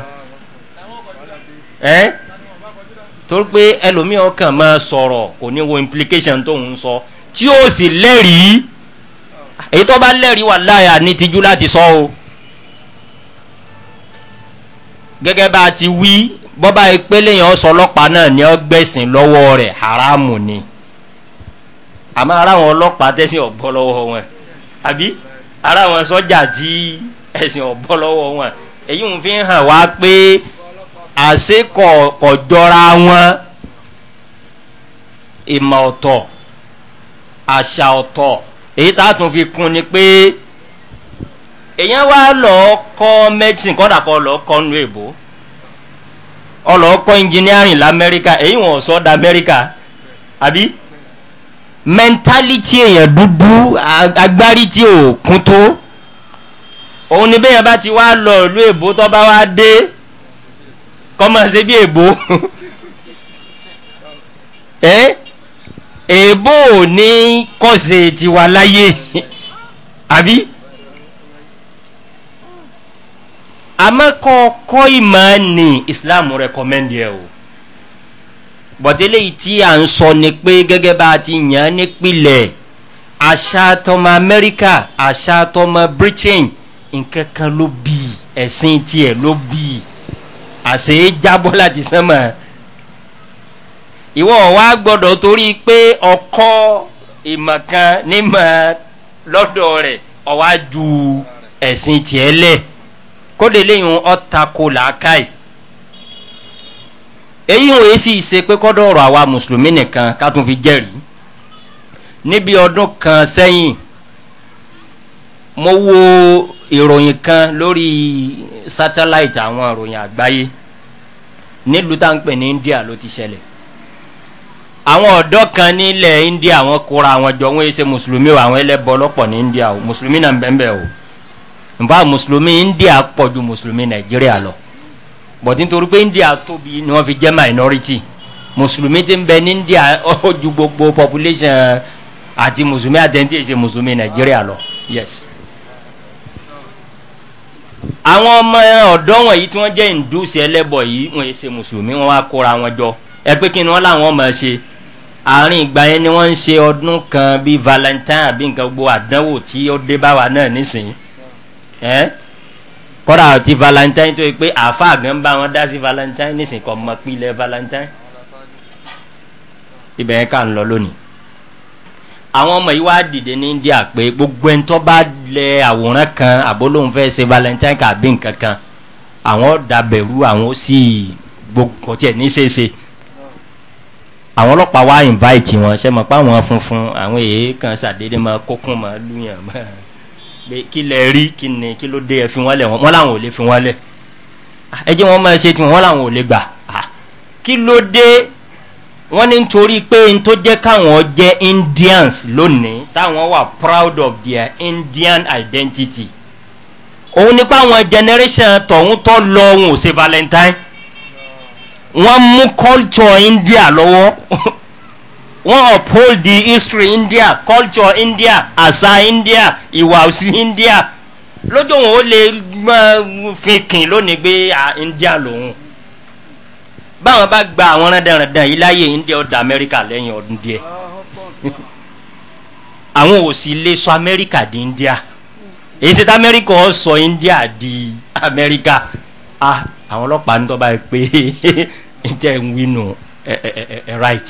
S1: ẹ́ torí pé ẹlòmíì ọkàn máa sọ̀rọ̀ kò ní wo implication tó ń sọ tí ó sì lẹ́rìí èyí tó bá lẹ́rìí wà láyà ní tijú láti sọ o. So gẹ́gẹ́ bá a ti wí bọ́bá ìpele yẹn ọ̀sọ̀ ọlọ́pàá náà ni ọ́ gbẹ̀sìn lọ́wọ́ rẹ̀ haramu ni àmọ́ ara àwọn ọlọ́pàá tẹ̀sìn ọ̀bọ lọ́wọ́ wọn àbí ara àwọn sọ́jà tí ẹ̀sìn ọ̀bọ lọ́wọ́ wọn èyí ń fi hàn wá pé àṣekọ̀ ọ̀jọ́ra wọn ìmọ̀ ọ̀tọ̀ àṣà ọ̀tọ̀ èyí tá a tún fi kún ni pé èyàn wá lọ kọ medicine kọ́dà kọ́ lọ kọ́ nu èbó ọlọ kọ́ engineering lamẹ́ríkà èyí wọn sọ da amẹ́ríkà àbí mentality èyàn dúdú agbárí tí ò kún tó òun ni bẹ́yẹn bá ti wá lọ ìlú èbó tó bá wá dé kọ́mọ ṣe bí èbó (laughs) ẹ èbó ò ní kọ́sẹ̀ tiwa láyé (laughs) àbí. amakọ̀ọ̀kọ́ ìmọ̀ ni islam recommend yẹ o bọ̀délé tí à ń sọ ni pé gẹ́gẹ́ bá a ti yàn án nípìnlẹ̀ àṣà tọmọ amẹ́ríkà àṣà britain nǹkan kan ló bí ẹ̀sìn tiẹ̀ ló bí àṣẹ jábọ́ láti sánmọ̀ ìwọ wa gbọdọ̀ torí pé ọkọ ìmọ̀ kan nímọ̀ lọ́dọ̀ rẹ̀ ọ̀wá ju ẹ̀sìn tiẹ̀ lẹ̀ kódé léyìn ọ̀tako làákàyè èyí wòye sì ṣe pé kọ́dọ̀ ọ̀rọ̀ àwa mùsùlùmí nìkan ká tún fi jẹ́rìí níbi ọdún kan sẹ́yìn mo wo ìròyìn kan lórí satellite àwọn ìròyìn àgbáyé nílùú tá à ń pè ní India ló ti ṣẹlẹ̀ àwọn ọ̀dọ́ kan nílẹ̀ India wọ́n kóra àwọn jọ wọ́n ṣe mùsùlùmí o àwọn ẹlẹ́bọ lọ́pọ̀ ní India o mùsùlùmí náà ń bẹ́ẹ̀ bẹ́ẹ̀ o nfa mùsùlùmí india pọ̀ ju Nigeria nàìjíríà lọ bọ̀dé nítorí pé india tóbi ni wọ́n fi jẹ́ minority mùsùlùmí ti ń ní india ó ju gbogbo population àti mùsùlùmí àtẹ̀ntì ṣe mùsùlùmí Nigeria lọ yes. àwọn ọmọ ọ̀dọ́ wọ̀nyí tí wọ́n jẹ́ ìndúsí ẹlẹ́bọ̀ yìí wọ́n ṣe mùsùlùmí wọ́n wá kóra wọn jọ ẹ pé kí ni wọ́n láwọn ọmọ ṣe àárín ìgbà yẹn ni wọ́n ń ṣe ọdún kan bíi valentine àbí nǹkan gbogbo àdánwò tí ó dé báwa náà nísìnyí ẹ́ kọ́ra ti valentine tó yẹ pé àáfàá gan bá wọn dá sí valentine nísìnyí kọ́ mọ pílẹ̀ valentine ibẹ̀ yẹn kà ń lọ lónìí àwọn ọmọ yìí wá dìde ní india pé gbogbo ẹni tó bá lẹ àwòrán kan àbólóhùn fẹ́ ṣe valentine kàbí nǹkan kan àwọn dàbẹ̀rú àwọn sì gbogbo tiẹ̀ ní ṣeéṣe àwọn ọlọ́pàá wá invite wọn ṣe mọ̀ pé àwọn funfun àwọn èèyàn kan ṣàdédé máa kókún máa lùyàn máa pé kí lẹ rí kí ni kí ló dé ẹ fi wọ́n lẹ̀ wọ́n làwọn ò lè fi wọ́n lẹ̀ ẹ jẹ́ wọ́n máa ṣe tiwọn wọ́n làwọn ò lè gbà kí ló dé wọ́n ní nítorí pé n tó jẹ́ káwọn jẹ́ indians lónìí táwọn wà proud of their indian identity òun ní pé generation tọ̀hún tọ́ lọ òun ò ṣe valentine wọ́n mú culture india lọ́wọ́ (laughs) wọ́n uphold the history india culture india asa india ìwà òsì india lójú wọn ó lè fi kìn lónìí pé india lòun báwọn bá gba àwọn rẹ́dẹ̀rẹ́dẹ̀ yìí láyé india ọ̀dà amẹ́ríkà lẹ́yìn ọdún díẹ̀ (laughs) àwọn ò sì lè sọ amẹ́ríkà di india èyí ṣe tí amẹ́ríkà ọ̀ sọ india di amẹ́ríkà ah àwọn ọlọ́pàá ń tọ́ báyìí pé ẹ (laughs) jẹ́ ń wí ẹ ẹ ẹ right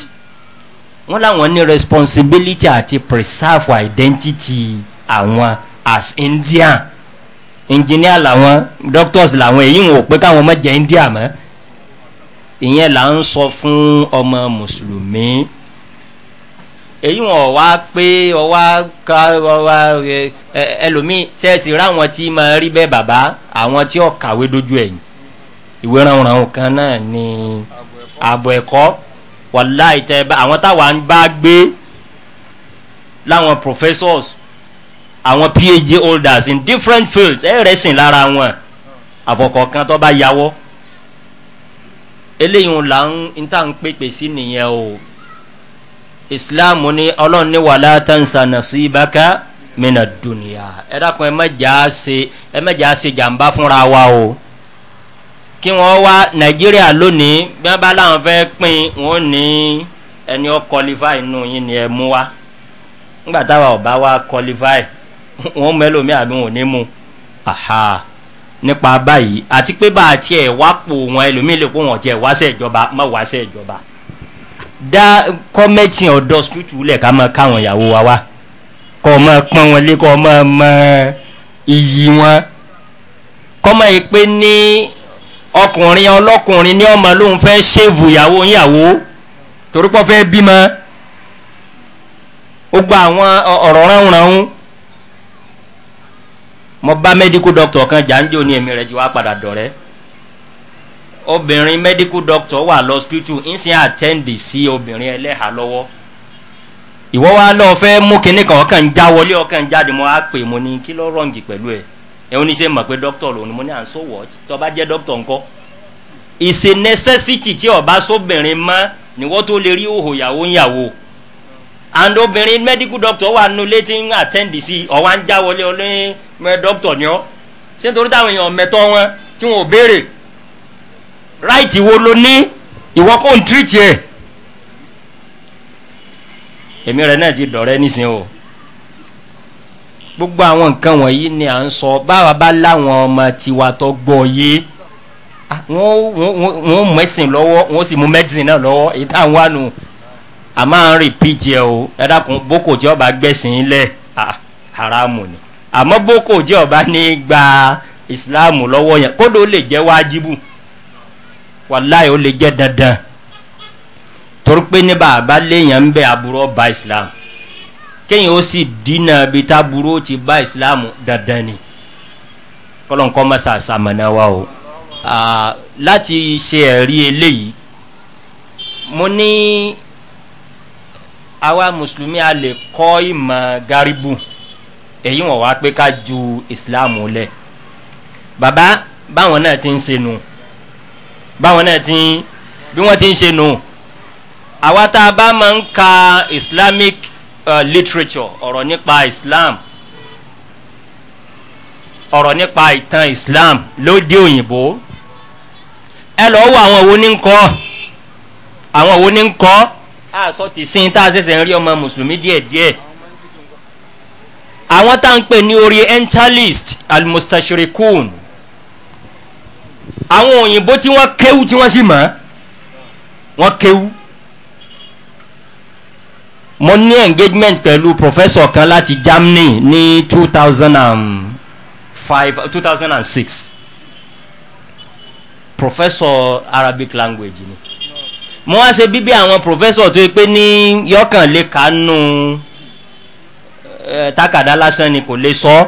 S1: wọ́n láwọn ní responsibility àti preserve identity àwọn as indian engineer làwọn doctors làwọn èyí wọn ò pé káwọn mọ̀ jẹ́ india mọ́ ìyẹn là ń sọ fún ọmọ mùsùlùmí èyí wọn wá pé ọwá ká ọwá ẹlòmíì sẹ́ẹ̀sì ráwọn tí máa rí bẹ́ẹ̀ bàbá àwọn tí ó kàwé dojú ẹ̀yìn ìwé ránranran kan náà ni ààbò ẹ̀kọ́ wàláì tẹ bá àwọn táwa ń bá gbé láwọn professors àwọn phd holders in different fields ẹ rẹ sìn lára wọn àfọkọ̀kan tó bá yàwọ́ eléyìí là ń ta ń pèpè sí nìyẹn o islam ní ọlọ́run ní wàlá tansa nasibaka mina dunya ẹ dákun ẹ mẹ́jà ṣe jàǹbá fúnra wa o kí wọ́n wá nàìjíríà lónìí bí wọ́n bá láwọn fẹ́ pín wọn ní ẹni ọ kọlifáì nù yín ni ẹ mú wa nígbà táwa ọba wa kọlifáì wọn mẹlòmí àbí wọn ní mú aha nípa báyìí àti pé bá a tiẹ̀ wá pò wọn ẹlòmíì lè kó wọn tiẹ̀ wá sẹ́ ìjọba má wá sẹ́ ìjọba dá kọ́mẹ́tì ọ̀dọ́ sùtù lẹ̀ ká máa káwọn ìyàwó wa wá kọ́ ọ máa pọ́n wọn lé kọ́ ọ máa mọ iyì wọn kọ́mọ yìí pé ní ọkùnrin ọlọ́kùnrin ní ọmọ lóun fẹ́ ṣèwù ìyàwó ìyàwó torípọ̀ fẹ́ bímọ ó gba àwọn ọ̀rọ̀ ránranrun mo bá medical doctor kan jàǹjò ní èmi rẹ̀ ti wá padà dọ̀rẹ́ obìnrin medical doctor wà lọ́spítù ń sin àtẹ́ǹdì sí obìnrin lọ́wọ́ wa lọ́ọ́ fẹ́ mú kinní kan ọkàn já wọlé ọkàn jáde mo á pè ẹ̀hún ní sẹ́ mọ̀ pé dókítà lòun ni mo ní à ń so wọ̀ tó bá jẹ́ dókítà ńkọ́ ìṣe necessity tí ọba sóbìnrin mọ́ ni wọ́n tó lè rí òhò yàwó yàwó and obìnrin medical doctor wà nù létí ń attend sí ọ̀wá ń já wọlé ọlẹ́yìn mẹ́ dókítà ni ọ́ ṣé nítorí táwọn èèyàn mẹ́tọ́ wọn tí wọn ò béèrè right wo ló ní ìwọ kò ń treat yẹ èmi rẹ̀ náà ti dọ̀rẹ́ nísìnyí o gbogbo àwọn nǹkan wọ̀nyí ni à ń sọ báwa bá láwọn ọmọ tiwa tó gbọ́ yé wọ́n mẹ́sìn lọ́wọ́ wọ́n sì mú mẹ́sìn náà lọ́wọ́ èyí táwọn wà nù a máa ń repeat yẹ o ẹ dákun boko jẹ́ ọba gbẹ̀sìn lẹ̀ haramu ni àmọ́ boko jẹ́ ọba ní gba islam lọ́wọ́ yẹn kódò ó lè jẹ́ wájibu wàláyé ó lè jẹ́ dandan torí pé ní bàbá léèyàn ń bẹ àbúrò ọba islam kéyìn ó sì dínà bí táburú ti bá ìsìláàmù dandan ni kọlọ́nkọ́ mọ́sá sàmànà wa o láti ṣe ẹ̀rí eléyìí mo ní àwa mùsùlùmí a lè kọ́ ìmọ̀ garibu èyí wọ̀n wá pé ká ju ìsìláàmù lẹ̀ bàbá báwọn náà ti ń ṣe nù báwọn náà ti bí wọ́n ti ń ṣe nù àwa tá a bá máa ń ka islamic Uh, literature ọ̀rọ̀ nípa islam ọ̀rọ̀ nípa ìtàn islam lóde òyìnbó ẹ lọ́ọ́ wọ àwọn wo ní ń kọ́ àwọn wo ní ń kọ́ àṣọ ti sin tá a ṣẹ̀ṣẹ̀ ń rí ọmọ mùsùlùmí díẹ̀díẹ̀ àwọn tá à ń pè ní orientalist almustashirikun àwọn òyìnbó tí wọ́n kéwú tí wọ́n sì mọ̀ wọ́n kéwú mo ní engagement pẹ̀lú professor kan láti germany ní two thousand and five two thousand and six professor arabic language ni mo wá ṣe bíbí àwọn professor tó yẹ pé ní yọkàn lè kánú eh, takada lásán ni kò lè sọ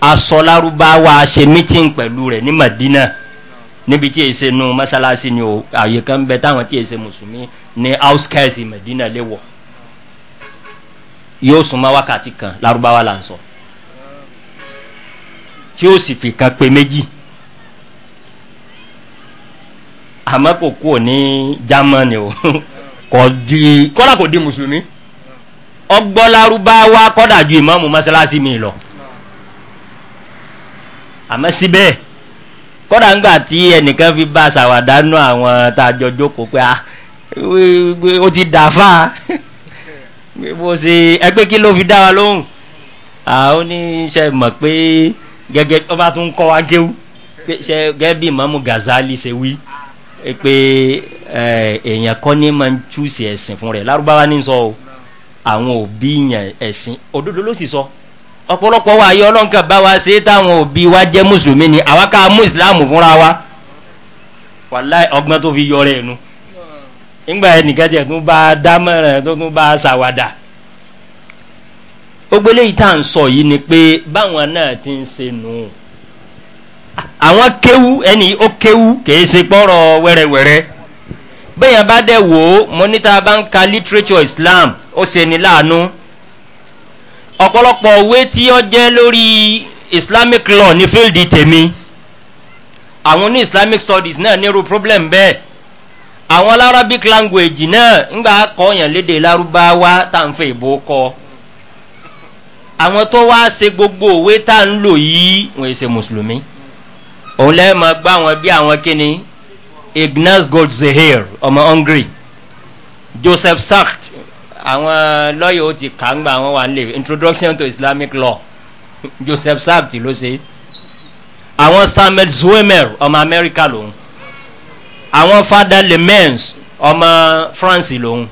S1: asọlárúbáwá ṣe meeting pẹ̀lú rẹ̀ ní madina níbi tí èsè nu mọ́sálásí ni o àyè kan bẹ táwọn tí èsè mùsùlùmí ní outskirts madina lè wọ̀ yóò súnmọ́ wákàtí kan lárúbáwá là ń sọ tí ó sì fi kan pé méjì àmọ́ kò kú ò ní germany o (laughs) kò di kọ́lá kò di mùsùlùmí ọgbọ́ lárúbáwá kọ́dà ju ìmọ̀ọ́mù mọ́sálásí mi lọ àmọ́ síbẹ̀ kọ́dà ńgbà tí ẹnìkan fi bá a ṣàwádánù àwọn tá a jọ jókòó pé a ah, ó ti dà fáa. (laughs) bó ṣe ẹgbẹ́ kí ló fi dá wa lóhùn àwọn oníṣẹ́ mọ̀ pé gẹ́gẹ́ ọba tó ń kọ́ wa géwu gẹ́gẹ́ bí mọ́mú Gazali ṣe wí pé èèyàn kọ́ ní máa ń túṣì ẹ̀sìn fún rẹ̀ lárúbáwá ní sọ o àwọn òbí yàn ẹ̀sìn òdodo ló sì sọ ọ̀pọ̀lọpọ̀ wa ayé ọlọ́nkà bá wa ṣe táwọn òbí wa jẹ́ mùsùlùmí ni àwa ká mú ìsìláàmù fúnra wa wàláì ọgbọ́n tó fi yọ rẹ̀ nu ńgbà ẹnìkan tiẹ̀ tún bá dámọ̀ràn tó tún bá ṣàwádà ó gbélé yìí tá à ń sọ yìí ni pé báwọn náà ti ń ṣe nù àwọn kéwú ẹni ó kéwú kìí ṣe pọ́rọ̀ wẹ́rẹ́wẹ́rẹ́ bẹ́ẹ̀ bá dẹ̀ wò ó mọ́nítà bá ń ka literature Islam ó ṣe ni láàánú ọ̀pọ̀lọpọ̀ òwe tí ó jẹ́ lórí Islamic law ní fíìlì tèmi àwọn ní Islamic studies náà nírú problem bẹ́ẹ̀ àwọn arabic language náà ńgbà kọyàn léde larubawa tá n fẹ ìbò kọ àwọn tó wá ṣe gbogbo òwe tá n lò yìí wọn ṣe mùsùlùmí òun lẹ́yìn máa gbọ́ àwọn bí àwọn kíni ignaz goldzehir ọmọ hungary joseph sacht àwọn lọ́yọ̀ ó ti kà ń gba àwọn wà ń lè introduction to islamic law joseph sacht ló ṣe àwọn samuel zwemer ọmọ amẹ́ríkà lòun àwọn fada lemens ọmọ france lòun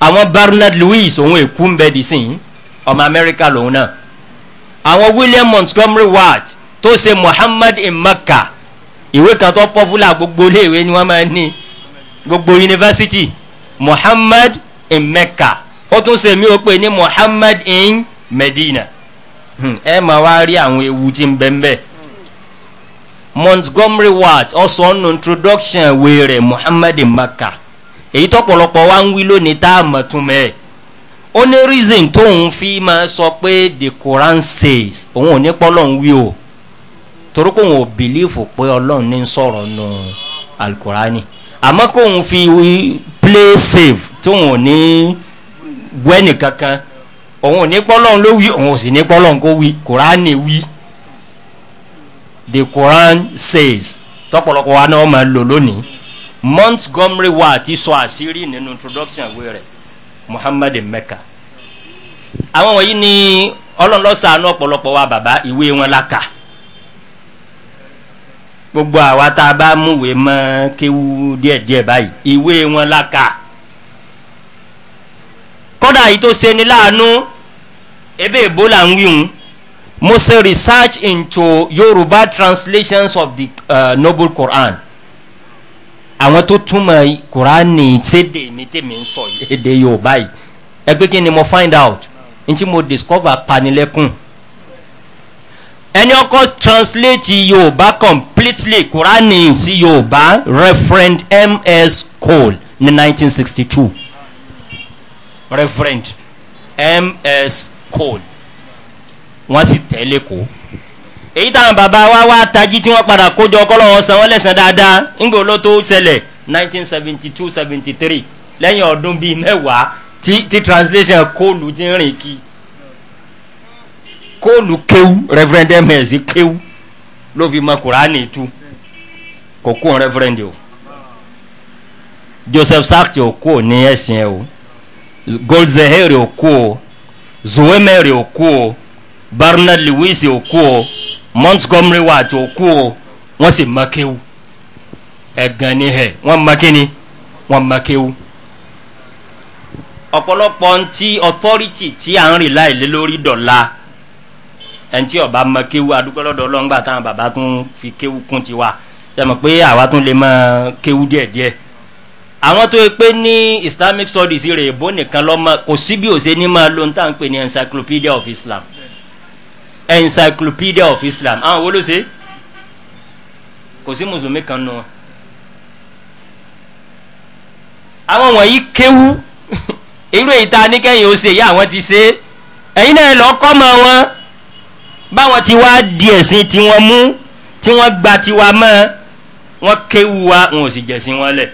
S1: àwọn bernard louis òun èkú ń bẹ dìsín ọmọ amẹ́ríkà lòun náà àwọn william montgomery ward tó ṣe muhammad imaka ìwé kan tó pọ́pùlà gbogbo iléèwé ni wọ́n máa ní gbogbo yunifásitì muhammad imaka ó tún ṣe mí ó pè ní muhammad in medina hmm, ẹ máa wá rí àwọn ewu tí ń bẹ́ẹ̀ bẹ́ẹ̀ montgomery watt ọsọ nù introduction ìwé rẹ̀ muhammed maka èyí tọ́pọ̀lọpọ̀ wa ń wí lónìí tá a mọ̀ tún mẹ́ ó ní reason tóun fi máa sọ pé the quran says òun ò ní pọ́lọ́ ń wí o torí pé òun ò bìlífù pé ọlọ́run ní sọ̀rọ̀ nù alukurani àmọ́ kóun fi play safe tóun ò ní gbẹ́nì kankan òun ò ní pọ́lọ́run ló wí òun ò sì ní pọ́lọ́run kó wí quran wí the Quran says tọpọlọpọ wa náà máa lò lónìí Montgomery Watt ti sọ àṣírí nínú introduction ìwé rẹ̀ Muhammad Mecca àwọn wọ̀nyí ni ọlọ́nlọ́sàánú ọ̀pọ̀lọpọ̀ wa bàbá ìwé wọn la kà gbogbo àwa tá a bá múwèé mọ́ kéwú díẹ̀díẹ̀ báyìí ìwé wọn la kà kódà yìí tó ṣe ni láàánú ebe èbó là ń wí hùn mo research into Yoruba translations of the uh, noble Quran àwọn tó túmọ̀ kuraani tẹ́dẹ̀ mi tẹ́mi ń sọ èdè yorùbá yìí ẹgbẹ́ kí ni mo find out n tí mo discover panilẹ́kùn ẹni ọkọ translate yorùbá completely Quran kuraani sí yorùbá reverend ms cole ní 1962 reverend ms cole wọ́n sì tẹ̀lé kó èyí táwọn bàbá wa wá tají tí wọ́n padà kójọ kọ́lọ́wọ́ san wọ́n lẹ̀sán dáadáa ńgbò ló tó ṣẹlẹ̀ nineteen seventy two seventy three lẹ́yìn ọdún bíi mẹ́wàá tí tí translation kóòlù ti rìn kí kóòlù kéwú reverend ms kéwú ló fi mọ kuraani tu kò kó reverend o joseph sartre ò kó ní ẹ̀sìn ẹ̀ o gold zeheri ò kó o zuwemeri ò kó o barnard lewis okuo, montgomery watt òkú o wọ́n sì makewu, ẹ̀gàn ni ẹ̀ wọ́n mọ́kéni wọ́n mọ́kéwu. ọ̀pọ̀lọpọ̀ ntí authority tí à ń rìn láìlé lórí dọ̀la ẹ̀ntì ọ̀bá mọ́kéwu adúgbòlọ́dọ̀ ọlọ́ngbà táwọn bàbá tún fi kéwu kún tiwa sẹ́mi pé àwa tún lè mọ́ kéwu díẹ̀díẹ̀ àwọn tó yẹ pé ní islamic studies rẹ̀ èbó nìkan lọ́mọ kò síbi òsè ní máa lo ní táwọn pè ní encyclopedia of islam encyclopedia of islam Ah, wo ló ṣe kò sí mùsùlùmí kan nù wọn. àwọn wọ̀nyí kéwú (laughs) irú èyí tá a ní kẹ́yìn ó ṣe yá àwọn ti ṣe ẹ̀yin náà lọ kọ́ mọ wọn báwọn ti wá di ẹ̀sìn tí wọ́n mú tí wọ́n gba tiwa mọ́ wọ́n kéwú wa wọn ò sì jẹ̀sìn wọn lẹ̀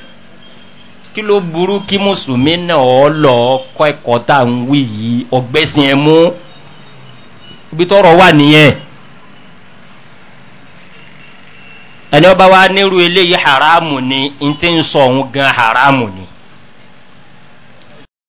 S1: kí ló burú kí mùsùlùmí náà lọ kọ́ ẹ̀kọ́ tá à ń wí yìí ọgbẹ́sìn ẹ̀ mú ibi tọrọ wà nìyẹn ẹni ọba wa nírú eléyìí haramu ni n ti sọ òun gan haramu ni